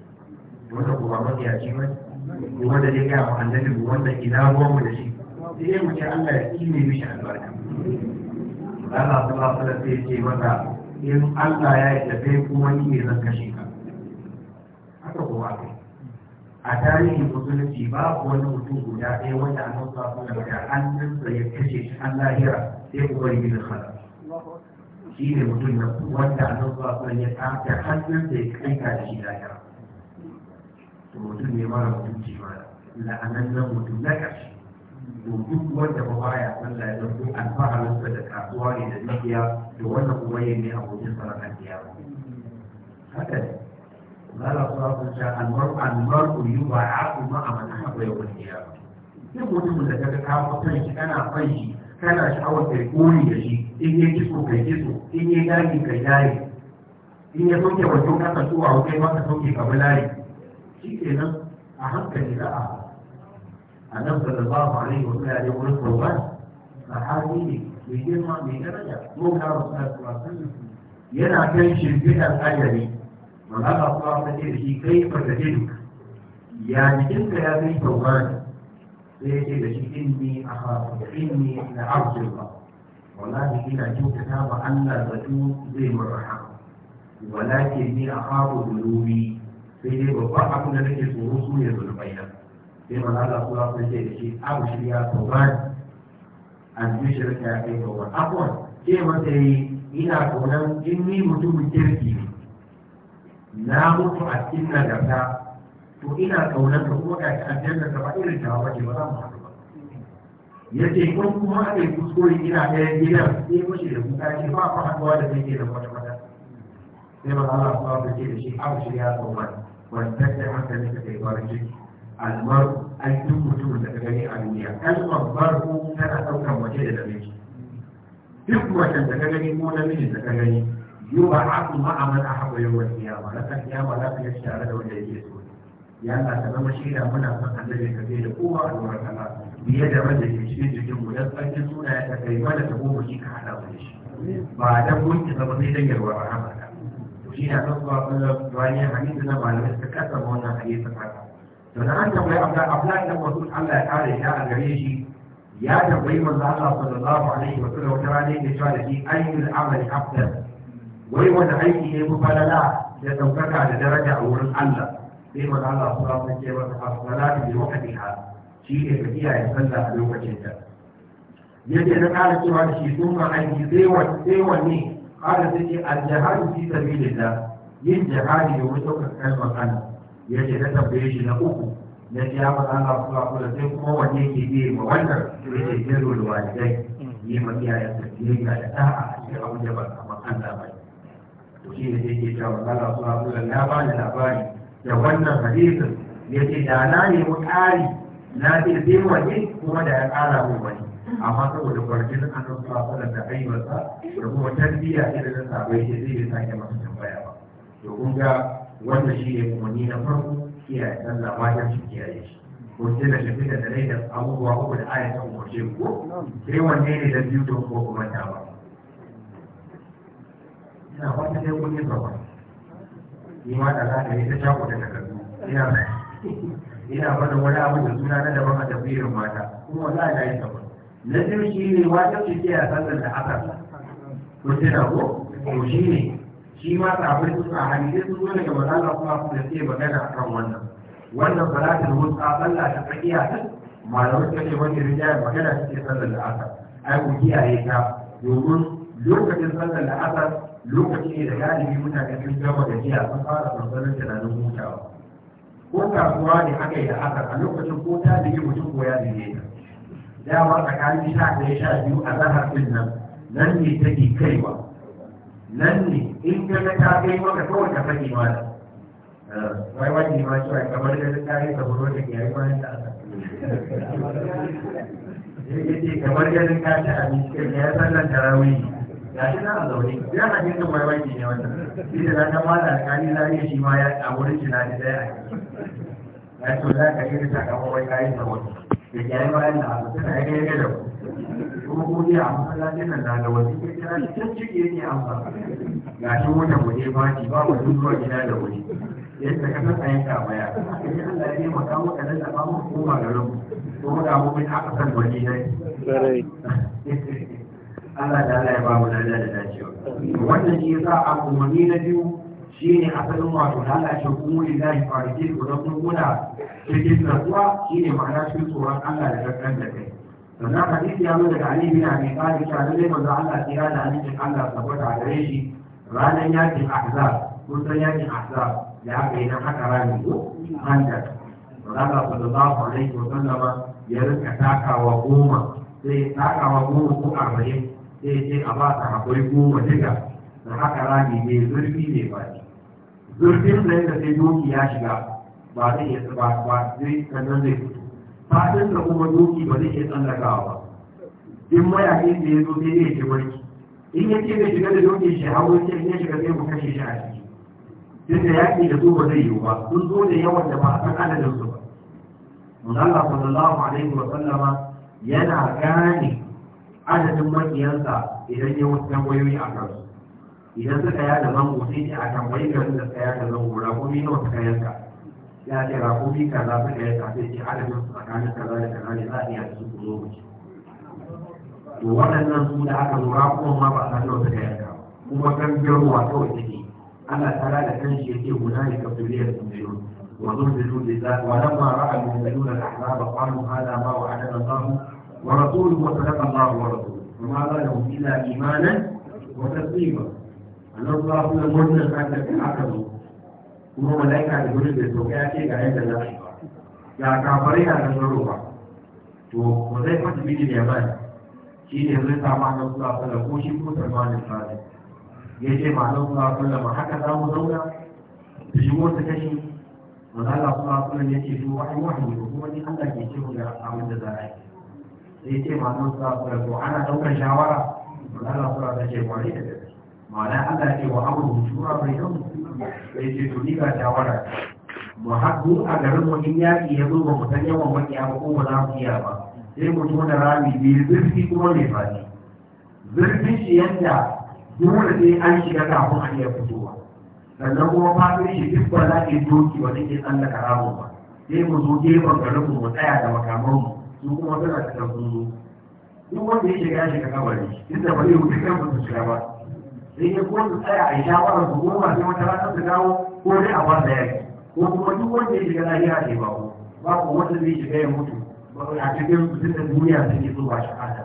wanda kuma mafiyaci ba ne wanda zai gaya wa annabi wanda ina ruwan mu da shi sai mu mace Allah ya kime mishi albarka Allah sallallahu alaihi wasallam sai ya ce masa in Allah ya yi tafe kuma ni ne zan kashe ka haka kowa kai a tarihin musulunci babu wani mutum guda ɗaya wanda a nan sa da hannunsa ya kashe shi an lahira sai yi da khalaq shi ne mutum wanda a nan zuwa ya tafi hanyar da ya aika da shi lahira to mutum ne mara mutunci ma la'anan nan mutum na ƙarshe to duk wanda ba baya sallah ya zanto alfaharinsa da kasuwa ne da dukiya to wannan kuma yin ne abokin sarakan diya haka ne zala sura ta almar almar yuba a kuma a mata haɓa yau wani diya duk mutumin da kaga kawo kan shi kana fan shi kana sha'awar kai koyi da shi in ya kiso kai kiso in ya dage kai dage in ya soke wato kasa tuwa kai ma ka soke ka bulari shi kenan a hankali za a annabi sallallahu alaihi wa sallam ya wurin kurban sahabi ne mai girma mai daraja ko ga rasulullahi yana kan shirfidan ajali manzo Allah sallallahu alaihi wa sallam ya ce kai farkaje ya jikinka ya kai tawbani ليجب إني أخاف إني إلى عرض الله والله إلى جوك تاب أن لا تكون ذي مرحا ولكن إني أخاف ذنوبي سيدي بفرحة نبيك الفروس ويزن بينا كما لا لا أقول أصلا شيء لشيء أبشر يا طوبان أن يشرك يا أي طوبان أقوى كما تري إلى كونان إني مجوم التركي لا مطعة إلا جفاق to ina kaunar ka ko da aljanna ka ba irin ta ba ke ba za mu haɗu ba yace ko kuma aka yi kuskure ina ɗaya gidan sai kushe da kuka ce ba ku haɗuwa da kai ke da wata-wata. sai ba Allah ba ku ce da shi abu shi ya tsoba wannan da hankali ka kai farin ciki almaru ai duk mutumin da ka gani a duniya kalmar barku tana ɗaukar waje da namiji duk wajen da ka gani ko namiji da ka gani yau ba a kuma a mana a haɓa yau wani kiyama na kan kiyama za ka yi shi tare da wanda yake so ya sa ta zama shaida muna son annabi ka kai da kowa a doron kasa biye da wanda ke cikin jikin mu dan tsarkin suna ya kai mana ta goma shi ka hada mu da shi ba dan mun ki zama sai dan yarwa ba haka to shi ne a kan kuma wani hadisi na malamai suka kasa wannan hadisin haka to na an tambayi abda abdullahi da wasu Allah ya kare ya a gare shi ya tambayi manzo Allah sallallahu alaihi wa sallam wata rana yake cewa da shi ayyul amali afdal wai wanda aiki ne mu falala da daukaka da daraja a wurin Allah sai manzo Allah sallallahu alaihi wasallam ya masa as-salatu bi waqtiha shi ne ka kiyaye sallah a lokacin ta yadda na ƙara cewa da shi sun ma aiki sai wanne ƙara ta ce al-jihadu fi sabilillah yin jihadi da wani ɗaukar kalmar Allah yadda na tambaye shi na uku na ji ya faɗa Allah sallallahu alaihi sai kuma wanne ke biye ma wannan sai ce zero da walidai yi ma iyayen sa biyayya da da'a a cikin abin da ba a Allah ba to shi ne sai ke cewa Allah sallallahu alaihi ya ba ni labari da wannan hadisin ya ce da na nemi ƙari na ce wani kuma da ya ƙara min wani amma saboda kwarjin an san su a da masa, da kuma tarbiyya irin na sabai ce zai bai sake masa tambaya ba to kun ga wannan shi ne umarni na farko kiyaye sallah wajen shi kiyaye shi ko sai da shafi da dare da abubuwa uku da aya ta umarce ko sai wanne ne da biyu don ko kuma ta ba ina ba ta dai kun yi gaba ni ma da za yi ta shago da takardu ina ina bada wani abu da suna na daban a tafiyar mata kuma za a yi daban na biyu shi ne wajen su ke a sallar da aka ko tana ko ko shi ne shi ma kafin su a sai su zo daga mazala kuma su da sai magana akan wannan wannan salatul wusta sallah ta tsakiya ta malamai ta ce wani rijaya magana suke sallar da aka ai ku kiyaye ta domin lokacin sallar da aka lokaci ne da galibi mutane sun gama gajiya sun fara sansanin tunanin hutawa ko kasuwa ne aka yi da haka a lokacin ko ta da yi mutum ko ya da yi ta dama tsakanin sha ɗaya sha biyu a zahar ɗin nan nan ne ta take kaiwa nan ne in ka ga ta kai maka kawai ka sani ma da eh, wai wani ma shi cewa kamar da ta yi saburo da ke yi bayan da aka ce kamar ganin ka ci abinci ya sannan tarawih ya shi na zaune ya na jin kan barbaki ne wannan shi da na mala alkali lariya shi ma ya a shi na da daya a ya ce za ka shirya sakamakon kayan da wani da ke yi bayan da abu suna ya gaya da kuma kuri a masallacin nan na da wani, ke kira shi can ciki yake amsa ga shi wuta waje ba shi ba wani zuwa gida da wuri yadda ka saka yanka baya in Allah ya yi maka muka da zaba mu koma garin mu ko muka mu bin aka san wani dai Allah ta Allah ya ba mu lada da dacewa wannan shi yasa a umarni na biyu shine asalin wato lalacin umuri da ya fara ke ko don muna cikin natsuwa shine ma'ana cikin tsoron Allah da kankan da kai sannan hadisi ya zo daga Ali bin Abi Talib cewa lalle manzo Allah ya da hadisin Allah saboda a gare shi ranar yakin Ahzab kun san yakin Ahzab da aka yi nan haka rami ko handa Allah sallallahu alaihi wa sallama ya rinka takawa goma sai takawa goma ko arba'in sai ce a ba ta haƙuri goma diga da haka rami ne zurfi ne ba zurfin da yadda sai doki ya shiga ba zai iya ba ba zai sannan zai fito fadin da kuma doki ba zai iya tsallakawa ba in mayaƙin da ya zo sai zai ce warki in ya ce zai shiga da doki shi hawo ce in ya shiga sai mu kashe shi a ciki tun da yaƙi da su ba zai yiwu ba sun zo da yawan da ba a san adadin ba. Allah sallallahu alaihi wa sallama yana gane adadin makiyansa idan ya wuce tambayoyi a kansu idan suka yada zango sai ne a tambayi garin da suka yada zango rakumi nawa suka yanka ya ce rakumi kaza suka yanka sai ce adadin su tsakanin kaza da kaza ne za a iya su ku zo muke to waɗannan su da aka zo rakuman ma ba a san nawa suka yanka kuma gangan ruwa kawai take Allah ta da kan shi yake guda ne ka fuliyar su biyu wa zurbilu bi zalika wa lamma ra'a al da al-ahzaba qalu hadha ma wa'adana Allah ورسوله وصدق الله ورسوله وما لهم إلا إيمانا وتسليما annan الله kuma المرسل sake da aka zo kuma malaika da gurin da sauka ya ce ga yadda za su a ba to ba zai fata mini da yaman shi ne zai samu annan kula kuma ko shi ko salmanin sani ya ce ma annan kula kuma ma haka za mu zauna da shi kashi kula ya ce to kuma ni Allah ke ce mu da abin da za sai ce masu sa ko ana ɗaukar shawara Allah sura ta ce kwarai da gaske ma'ana Allah ce wa amru shura bai yau sai ce to ni ga shawara mu haɗu a garin wani in yaƙi ya zo ba mu san yawan makiya ko ba za mu iya ba sai mu tona rami mai zurfi kuma mai fadi zurfin shi yadda dole sai an shiga kafin an iya fitowa sannan kuma fadin shi duk ba za a yi doki ba ke tsallaka ramu ba sai mu zo gefen garin mu mu tsaya da makamanmu su kuma suna da sun duk wanda ya shiga shiga kabari inda ba zai wuce kan mutum shiga ba sai ya kuma tsaya a shawarar su goma sai wata rana su dawo ko dai a wanda ya ko kuma duk wanda ya shiga lahira ne ba ko ba ko wanda zai shiga ya mutu ba a cikin mutum da duniya suke so ba shi hada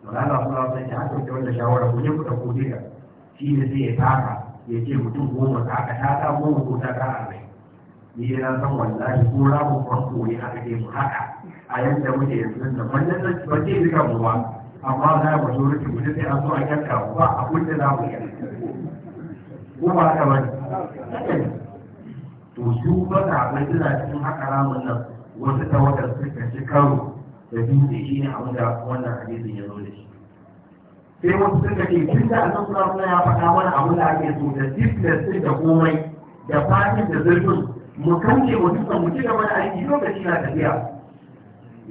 ba da Allah kuma sai ya haka wanda shawara ko ne kuɗa ko dika shi ne sai ya taka ya ce mutum goma ta aka taka goma ko ta ka arba'in ni na san wallahi ko ramu farko ne aka ce mu haka a yadda muke yanzu da wannan nan ba ke duka mu ba amma za mu zo rikin mu sai an so a yanka ba a da za mu yi ko ba ka ba ne to su ba ta bai suna cikin haka ramin nan wasu tawagar suka ci karo da dutse shi ne abin da wannan hadisin ya zo da shi sai wasu suka ce tun da annan suna ya faɗa mana abin da ake so da distance ɗin da komai da fatin da zurfin mu kauce wa dukkan mu ci gaba da aiki lokaci na tafiya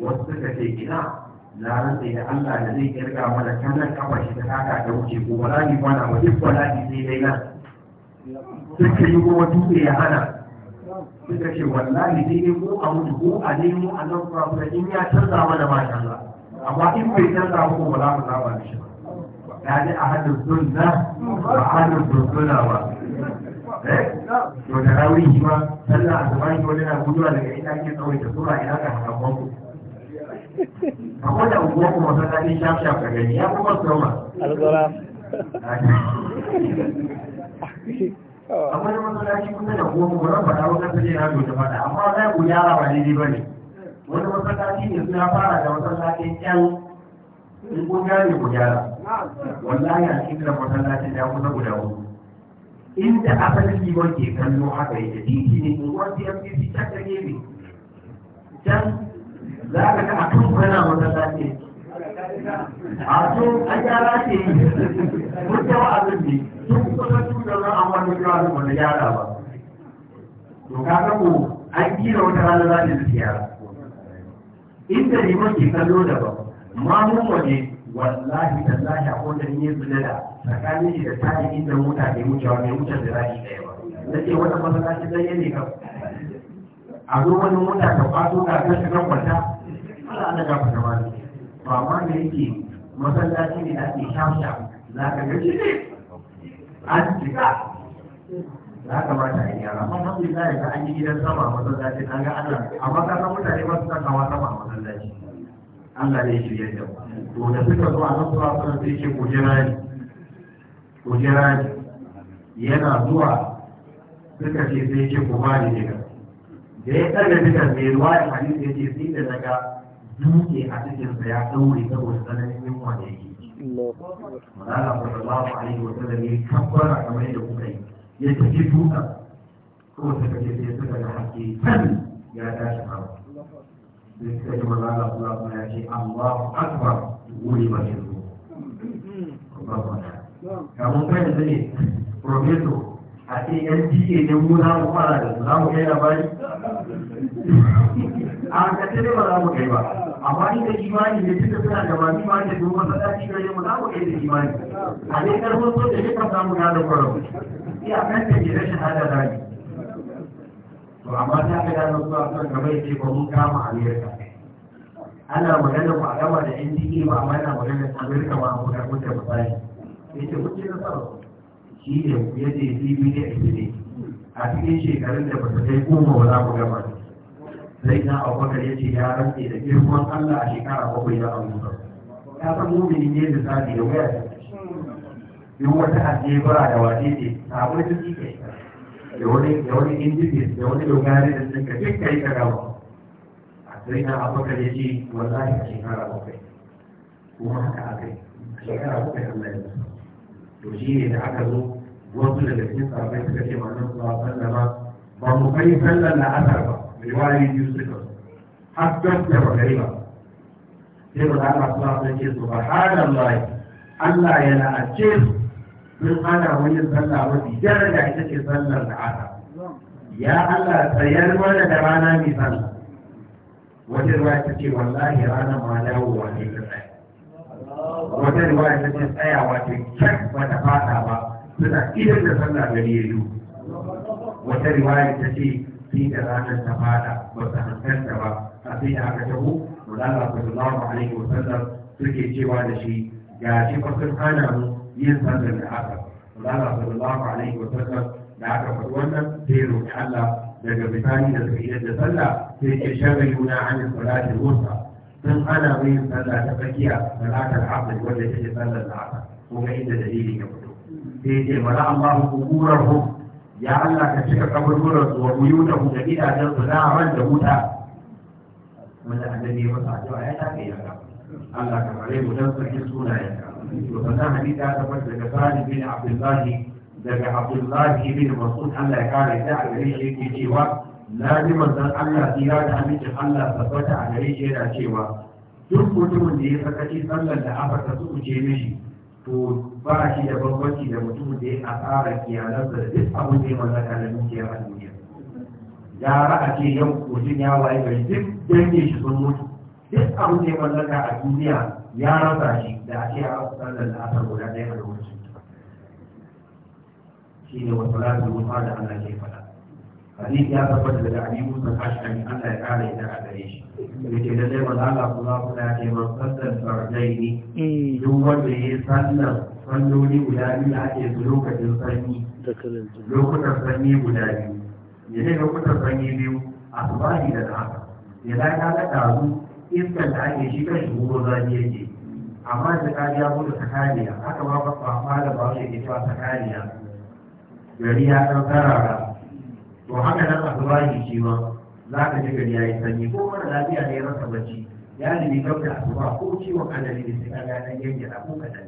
wasu suka ce ina na rantsa da Allah da zai kirga mana ta nan kafa shi ta kaka ta wuce ko bala'i bana ba duk bala'i sai dai na. suka yi kuma dutse ya hana suka ce wallahi sai dai ko a mutu ko a nemo a nan kuma in ya canza mana ma canza amma in bai canza ko ba za mu saba da shi ba يعني أحد السنة وأحد السنة to da rawi shi ma sallah asuba shi wani na guduwa daga ina ake tsawaita sura ina ka haka mako a wata unguwa kuma ta tafi shaf shaf ka gani ya kuma soma algora amma da masallaci kusa da kuma kuma ran faɗa wata ta je na ta faɗa amma za ku yara ba daidai ba ne wani masallaci ne suna fara da masallacin ƴan in kun gane ku gyara wallahi a cikin da masallacin ya kusa guda hudu inda asalin liman ke kallo haka yake titi ne in wani cmc can da gefe can za ka ga a kan kwana masallaci a so a gyara ce mun yawa abin ne sun kusa su da wani amma da yawa da wani gyara ba to ka ga ko an gina wata rana za ta zuci yara inda liman ke kallo da ma mamun waje wallahi tallahi a wanda ne zulada tsakanin shi da tare inda mota bai wuce bai wuce da zaki ɗaya ba nake wannan masallaci dan ne ka a zo wani mota ka kwato ka kan kwanta an na gafa gaba ne ba ma da yake masallaci ne da ake shafsha za ka ga shi ne an cika za ka mata a gyara amma ya yanzu an yi gidan sama a masallaci an ga Allah amma ka san mutane ba su takawa sama a masallaci Allah ne shi yadda to da suka zo a nan sura sura sai ce ku jira ni ku jira ni yana zuwa suka ce sai ce ku ba ni daga da ya tsaga dukan mai ruwa da hadisi ya ce sai da daga dutse a cikinsa ya ɗaure saboda tsananin yunwa da yake Malala sallallahu alaihi wa sallam ya kabbara kamar yadda kuka yi ya tafi dutsen ko ta kace sai suka ga haske sani ya tashi hawa sai suka ji malala sallallahu alaihi ya ce Allahu akbar wuri ba shi zo Allahu kamun kai da ne Profeso, a ce yan dike ne mu za mu fara da su za mu kai labari a kace ne ba za mu kai ba amma ni da imani ne duka suna da ba ma da domin masallaci da yamma za mu kai da imani a dai karfin so da yakan samu na da kwarau a kan ta ke rashin hada rani to amma sai aka da nan zuwa kan gaba yake ba mun kama amerika ana magana ba gama da NDA ba amma ana magana amerika ba a kuka kuka misali yace kuke na sarrafa shi ne ya ce DBD a cikin shekarun da ba su kai goma ba za mu gama sai na abubakar ya ce ya rantse da girman allah a shekara bakwai da amurka ya san mumini ne misali da waya duk wata ajiye da waje ne sabon sun yi kai da wani da wani injibis da wani dogari da suka duk kai ka gaba a sai na abubakar ya ce wallahi a shekara bakwai kuma haka a kai a shekara bakwai allah ya to shi ne da aka zo wasu daga cikin sabai suka ce ma nan su ba ba mu kai sallar la'asar ba riwayoyi biyu suka zo har gaskiya ba gari ba sai ba za a sa ta ce subhanallahi Allah ya la'ace su sun hana wani sallah mafi daraja ita ce sallar da aka ya Allah tsayar mana da rana mai sallah wata ruwa ta ce wallahi rana ma dawowa ne ta tsaya wata ruwa ta ce tsayawa ta kyan ba ta fada ba suna idan da sallah gari ya yi wata ruwa ta ce da ranar ta fada ba ta hankalta ba a sai da aka taho manzala sallallahu alaihi wa sallam suke cewa da shi ga shi fa sun hana mu yin sallar da haka manzala sallallahu alaihi wa sallam da aka faɗi wannan sai roƙi Allah daga bisani da suka yi da sallah sai ke sharri yuna an salatul wusta sun hana mu yin sallah ta tsakiya salatul asr wanda take sallar da haka kuma inda dalilin ya fito sai ce mala Allahu quburahum ya Allah ka cika kaburburan su wa buyu da gidajen su na ran da huta wanda da ya masa addu'a ya tafi ya Allah ka bare mu dan sarkin suna ka to sannan hadisi ta tabbata daga Sani bin Abdullah daga Abdullah bin Mas'ud Allah ya kare ta a gare shi yake cewa lazimin dan Allah tsira da amincin Allah tabbata a gare shi yana cewa duk mutumin da ya sakaci sallar da aka tsuce su mishi to ba shi da bambanci da mutum da ya tsara kiyanar da duk abin da ya na dukiyar a duniya Yara a ce yau mutum ya waye gari duk dangin shi sun mutu duk abin da ya ka a duniya ya rasa shi da a ce a rasa da asar guda ɗaya a lokacin shi ne wasu lafi da Allah ke faɗa hadisi ya tabbata daga abi musa ashari Allah ya kare ta a gare shi da ke lallai ba za ka kula kula ya ce man sallar farjaini mm. duk wanda ya yi sallar salloli guda biyu da ake su lokacin sanyi lokutan sanyi guda biyu ya ne lokutan sanyi biyu a subani da haka ya da ka ga ɗazu iskar da ake shi kan shi huro zafi yake amma da ka ya bude sakariya haka ma ba ma da ba shi ke cewa sakariya gari ya kan tarara to haka nan a zubahi shi ma za ka ji gari ya yi sanyi ko mara lafiya ne rasa bacci ya nemi gab da asuba ko ciwon adali ne sai kaga dan yanke da ko kadan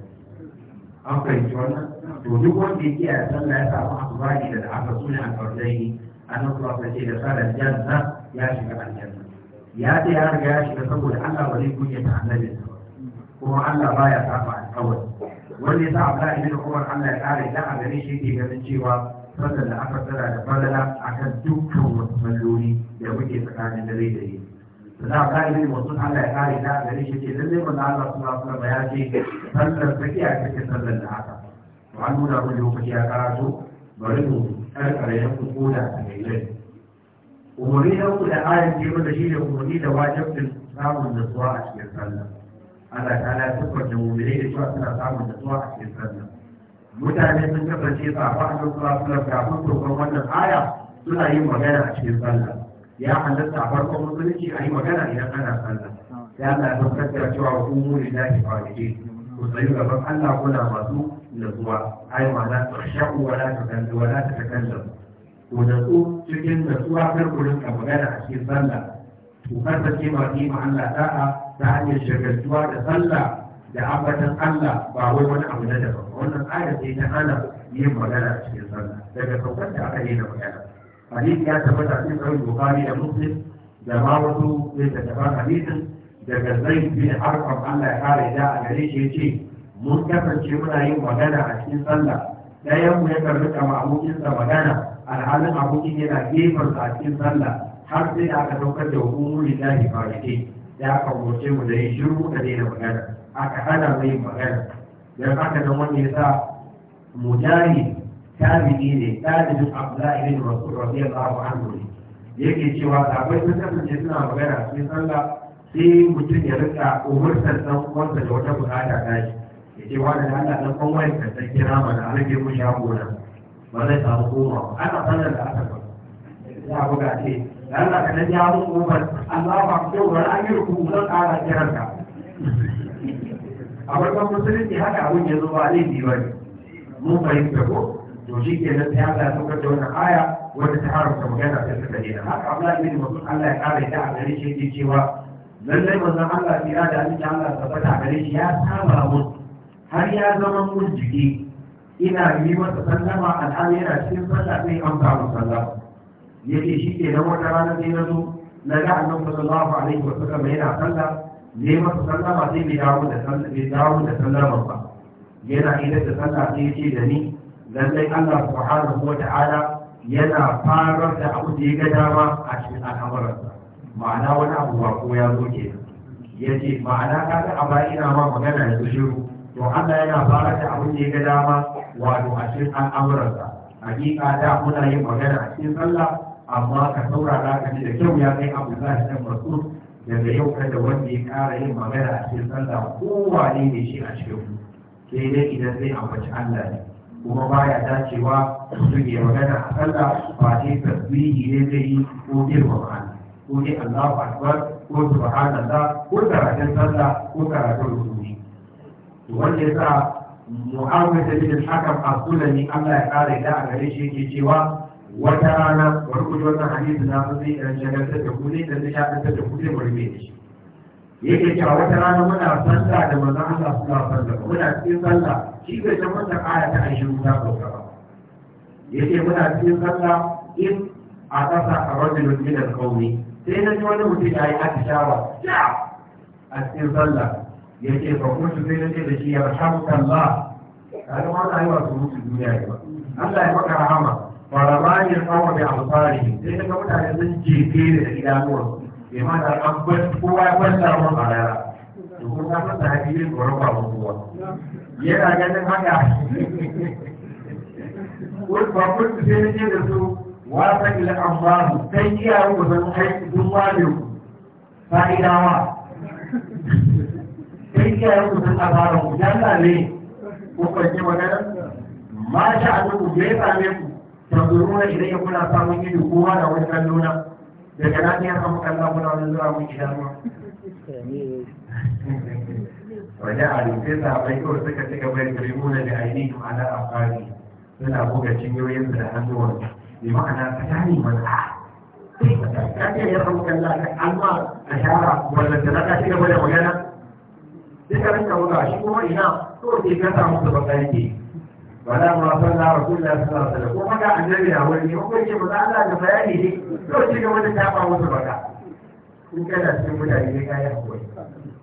an fahimci wannan to duk wanda ya kiyaye sallah ya samu asubahi da aka sune alfardaini annabi sallallahu alaihi wasallam da sallar janna ya shiga aljanna ya ce ya riga ya shiga saboda Allah ba zai kunya ta annabin kuma Allah baya saba alƙawari wanda ya sa Abdullahi ibn Umar Allah ya kare da a gare shi yake ganin cewa sallar da aka tsara da falala akan dukkan wasu salloli da muke tsakanin dare da yi da ƙa'idai wasu Allah ya kare ta gare shi ce lallai manzo Allah sallallahu alaihi wasallam ya ce sallar tsakiya take sallar da aka to an nuna mun lokaci ya karatu bari mu karkare ya ku koda a gaire umarni da ku da ayan ke mana shi ne umarni da wajibin samun nutsuwa a cikin sallah Allah ta la tabbata mu'minai da cewa suna samun nutsuwa a cikin sallah mutane sun kasance safa a nan sura sura kafin tokon wannan aya suna yin magana a cikin sallah ya halatta a farkon musulunci a yi magana idan ana sallah ya Allah ya tabbatar cewa hukumu ne da ke faɗi ku tsayu gaban Allah kuna masu natsuwa ai ma'ana sha'u wala ta kalli wala ta takallam ku natsu cikin natsuwa kar ku rinka magana a cikin sallah ku kasance masu yi ma Allah da'a ta hanyar shagaltuwa da sallah da ambatan Allah ba wai wani abu na daban wannan ayar ce ta hana yin magana a cikin sallah daga saukar da aka yi na magana hadisi ya tabbata cikin sahih bukhari da muslim da ma wasu zai tattafa hadisin daga zai bin harkar Allah ya kare da a gare shi yace mun kasance muna yin magana a cikin sallah ɗayan mu yakan rika ma abokinsa magana alhalin abokin yana gefensa a cikin sallah har sai aka saukar da hukumuri lahi farike Ya aka mu da yin shiru da daina magana aka hana mai yin magana don haka nan wani ya sa jari tabi'i ne ɗalibin abdullahi bin rasul radiyallahu anhu ne yake cewa sabai sun kasance suna magana sun sanga. sai mutum ya rika umurtar dan uwansa da wata bukata ta shi ya ce wani da Allah dan kuma wani kan san kira mana a rage mu shago ba zai samu koma ana sanar da aka ba za a buga ce da Allah ka nan ya musu kofar Allah ba ku yau an yi rukuku zan ƙara kiranka a farkon musulunci haka abin ya zo ba laifi ba ne mun fahimta ko to shi ke nan ya Allah saukar da wannan aya wanda ta haramta magana ta suka ne haka Abdullahi bin Mas'ud Allah ya ƙara ita a gare shi yake cewa lallai manzon Allah ya da amince Allah ta tabbata gare shi ya saba mun har ya zama mun jiki ina yi masa sallama yana cikin sallah sai an samu sallah. ya ce shi ke nan wata rana sai na zo na ga annan sallallahu alaihi wa sallam yana sallah ne masa sallama sai bai dawo da sallah bai dawo da sallama ba yana idan da sallah sai ya ce da ni lallai Allah subhanahu wa ta'ala yana farar da abu da ya ga dama a cikin al'amuransa ma'ana wani abu ba ko ya zo ke ya ce ma'ana ka ga a baya ina ma magana da Bishiru? to Allah yana farar da abu da ya ga dama wato a cikin al'amuransa hakika da muna yin magana a cikin sallah amma ka saurara ka ji da kyau ya kai abu za shi masu daga yau kada wanda ya ƙara yin magana a cikin sallah kowane ne shi a cikin sai dai idan zai ambaci Allah ne kuma baya dacewa mutum ya magana a sallah ba sai tasbihi ne zai yi ko girmama Allah ko dai Allahu akbar ko subhanallah ko karatun sallah ko karatun rusuli wanda ya sa mu'awwata bin al-hakam as-sulami Allah ya kare da a gare shi yake cewa wata rana wani kuji wannan hadisi na mun zai dan shagaltar da ku zai dan nishaɗantar da ku zai mu rufe shi yake cewa wata rana muna sallah da manzon Allah sallallahu alaihi muna cikin sallah shi bai san wannan aya ta aishu ta sauka ba yake muna cikin sallah in a ƙasa a rajulun min al-qawmi sai na ji wani mutum ya yi atishawa a cikin sallah yake fa kuntu sai na ce da shi ya rahamuka Allah kaga ma ta yi wa su mutu duniya ba Allah ya maka rahama faramani kawo da amfani sai daga mutane sun jefe da idanuwar bai ma da an bar kowa ya bar samun barara to kun ka fasa hadiri tsoron ba mu kowa yana ganin haka ba kun su sai nake da su wasa ila amfani sai iyayen ku san kai sun wale ku fa'idawa sai iyayen ku san asarar ku jalla ne ko kwanci magana ma sha'anin ku bai same ku تنظرون إذا كل أفهم يدقوها لو يخلونا لكلاك يرحم الله ولا ولا ولا وجاء الانتزاع بيكور سكة سكة ويقربون لأيديهم على أفقادهم من أبوك الشنيو ينزل أنزور بمعنى فتاني من كان يرحمك الله أنوار أشارة ولا تلقى سكة ولا مجانا لسا بنت أولا شكوه إنا تورتي كثرة مصدفة فلما صلى رسول الله صلى الله عليه وسلم وما كان النبي أولي وكل شيء مزع الله كفيانه لو شيء كما تتابع وسبقا إن كان أسلم مدى إليك يا أخوي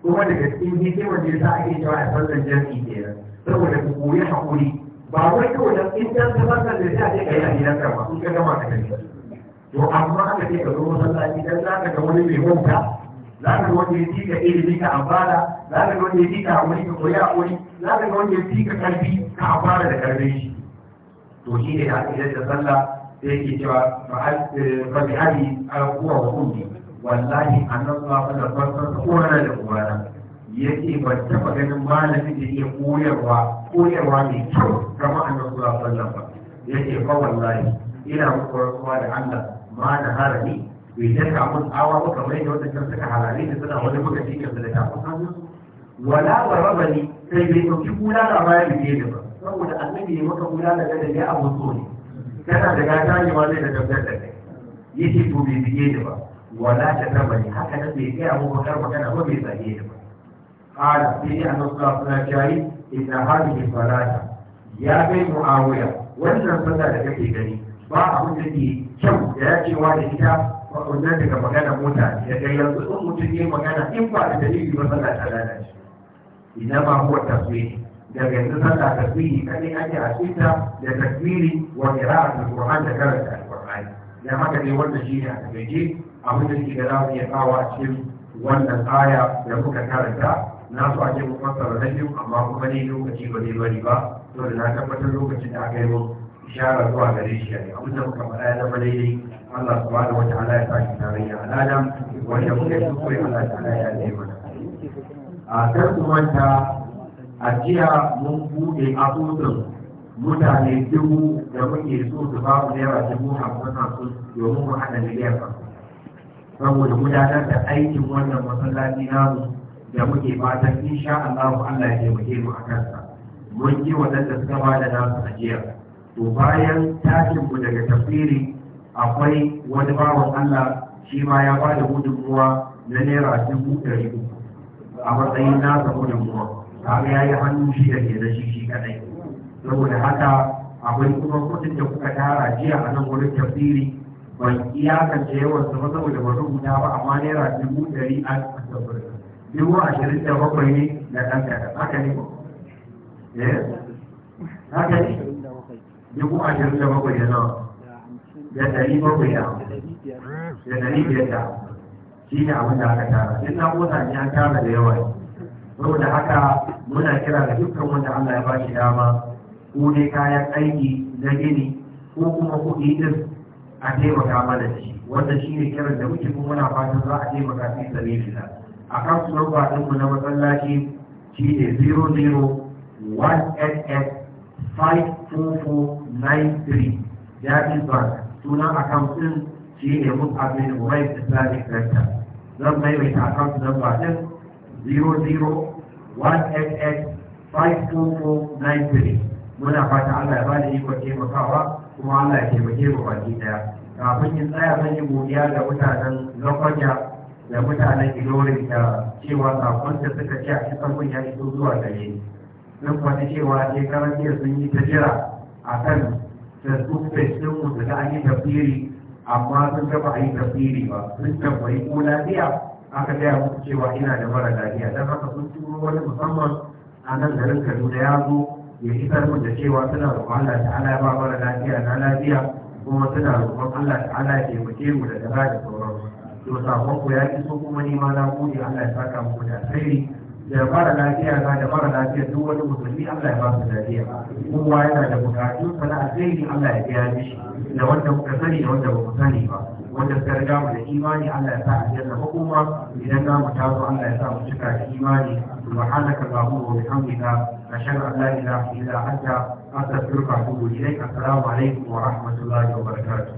kuma daga cikin hikimar da yasa ake cewa a sallar jami'i kenan saboda ku koyi hakuri ba wai kawai dan in dan ka sallar da sai kai a gidan ka ba in ka gama ka gani to amma aka ce ka zo masallaci dan za ga wani mai wanka za ka ga wanda ya fi ka ilimi ka amfana za ka ga wanda ya fi ka haƙuri ka koyi haƙuri za ka ga wanda ya fi ka ƙarfi ka amfana da ƙarfin shi to shi ne da ake da sallah sai yake cewa ba bi hali al-quwa wa ummi wallahi annabi sallallahu alaihi wasallam korana da Ya ce ban taɓa ganin malamin da iya koyarwa koyarwa mai kyau kamar annabi sallallahu alaihi wasallam Ya ce ba wallahi ina muku rantsuwa da Allah ma da harami bai ta mun tsawa ba kamar yadda wata suka halare da suna wani buga cikin su da kafin hannu wala wa rabani sai bai ɗauki kula da baya da ke da ba saboda annabi ne maka kula da da ya abu so ne kana da gata ne ma zai da dabbar da kai yake to bai bige da ba wala ta rabani haka nan bai gaya muku kar magana ba bai zage da ba qala sai annabi sallallahu alaihi wasallam hali hadhihi salata ya kai muawiya wannan sallah da kake gani ba abin da ke kyau da ya cewa da ita faɗuɗa daga magana mota daga yanzu in mutum yi magana in ba da dalili ba sallah ta lalace idan ma huwa daga yanzu sallah taswiri kadai ake asita da taswiri wa qira'atul qur'an da karanta alqur'ani dan haka ne wanda shi ne a takaice abin da shi da za mu iya kawo a cikin wannan aya da muka karanta na so a ce mu fassara na biyu amma kuma ne lokaci ba zai bari ba to da na tabbatar lokacin da aka yi mu ishara zuwa gare shi ne abin da muka faɗa ya zama daidai Allah subhanahu wa ta'ala ya sa shi tarayya alalam wanda muke kuskure Allah ta'ala ya yi mana a kar ku a jiya mun buɗe asusun mutane dubu da muke so su ba mu naira dubu hamsin hamsin domin mu haɗa miliyan hamsin saboda gudanar da aikin wannan masallaci namu da muke fatan insha Allah Allah ya taimake mu a kansa mun ji waɗanda suka ba da nasu ajiya to bayan tashin mu daga tafsiri akwai wani bawan Allah shi ma ya ba da ruwa na naira dubu ɗari uku a matsayin nasa ta ga ya yi hannu shi da ke da shi shi kadai saboda haka akwai kuma kudin da kuka tara jiya a nan wurin tafsiri ban iyakance yawan su ba saboda ba rubuta ba amma naira dubu ɗari a dubu ashirin da bakwai ne na ɗan kaɗan haka ne eh? haka ne dubu ashirin da bakwai da nawa da ɗari bakwai da da ɗari biyar da shi ne abin da aka tara in na mota ne an tara da yawa saboda haka muna kira da dukkan wanda Allah ya ba shi dama ko dai kayan aiki na gini ko kuma kuɗi din a taimaka mana shi wanda shi ne kiran da muke kuma muna fatan za a taimaka su fi sabi a kan surba ɗinmu na masallaci shi ne 00188 54493 Jami'in Bank suna account din shi ne abin bin mai Islamic Center zan maimaita account number din 0018854493 muna fata Allah ya ba da ikon taimakawa kuma Allah ya taimake mu baki daya kafin in tsaya zan yi godiya ga mutanen Lokoja da mutanen Ilorin da cewa sakon da suka ce a cikin mun ya iso zuwa gare ni. Sun faɗi cewa shekarar jiya sun yi ta jira a kan facebook page din mu da an yi tafsiri amma sun ga ba a yi tafsiri ba sun tambayi ko lafiya aka gaya muku cewa ina da mara lafiya don haka sun turo wani musamman a nan garin kaduna ya zo ya isar mu da cewa suna roƙon Allah ta'ala ba mara lafiya na lafiya kuma suna roƙon Allah ta'ala ya taimake mu da kaza da sauransu to sakonku ya iso kuma ni ma na gode Allah ya saka muku da alheri da mara lafiya na da mara lafiya duk wani musulmi Allah ya ba su lafiya kowa yana da bukatun sana alheri Allah ya biya mishi da wanda kuka sani da wanda ba sani ba wanda suka riga mu da imani Allah ya sa aljanna hukuma idan za mu taso Allah ya sa mu cika da imani subhanaka allahumma wa bihamdika ashhadu an la ilaha illa anta astaghfiruka wa atubu ilayk assalamu alaikum wa rahmatullahi wa barakatuh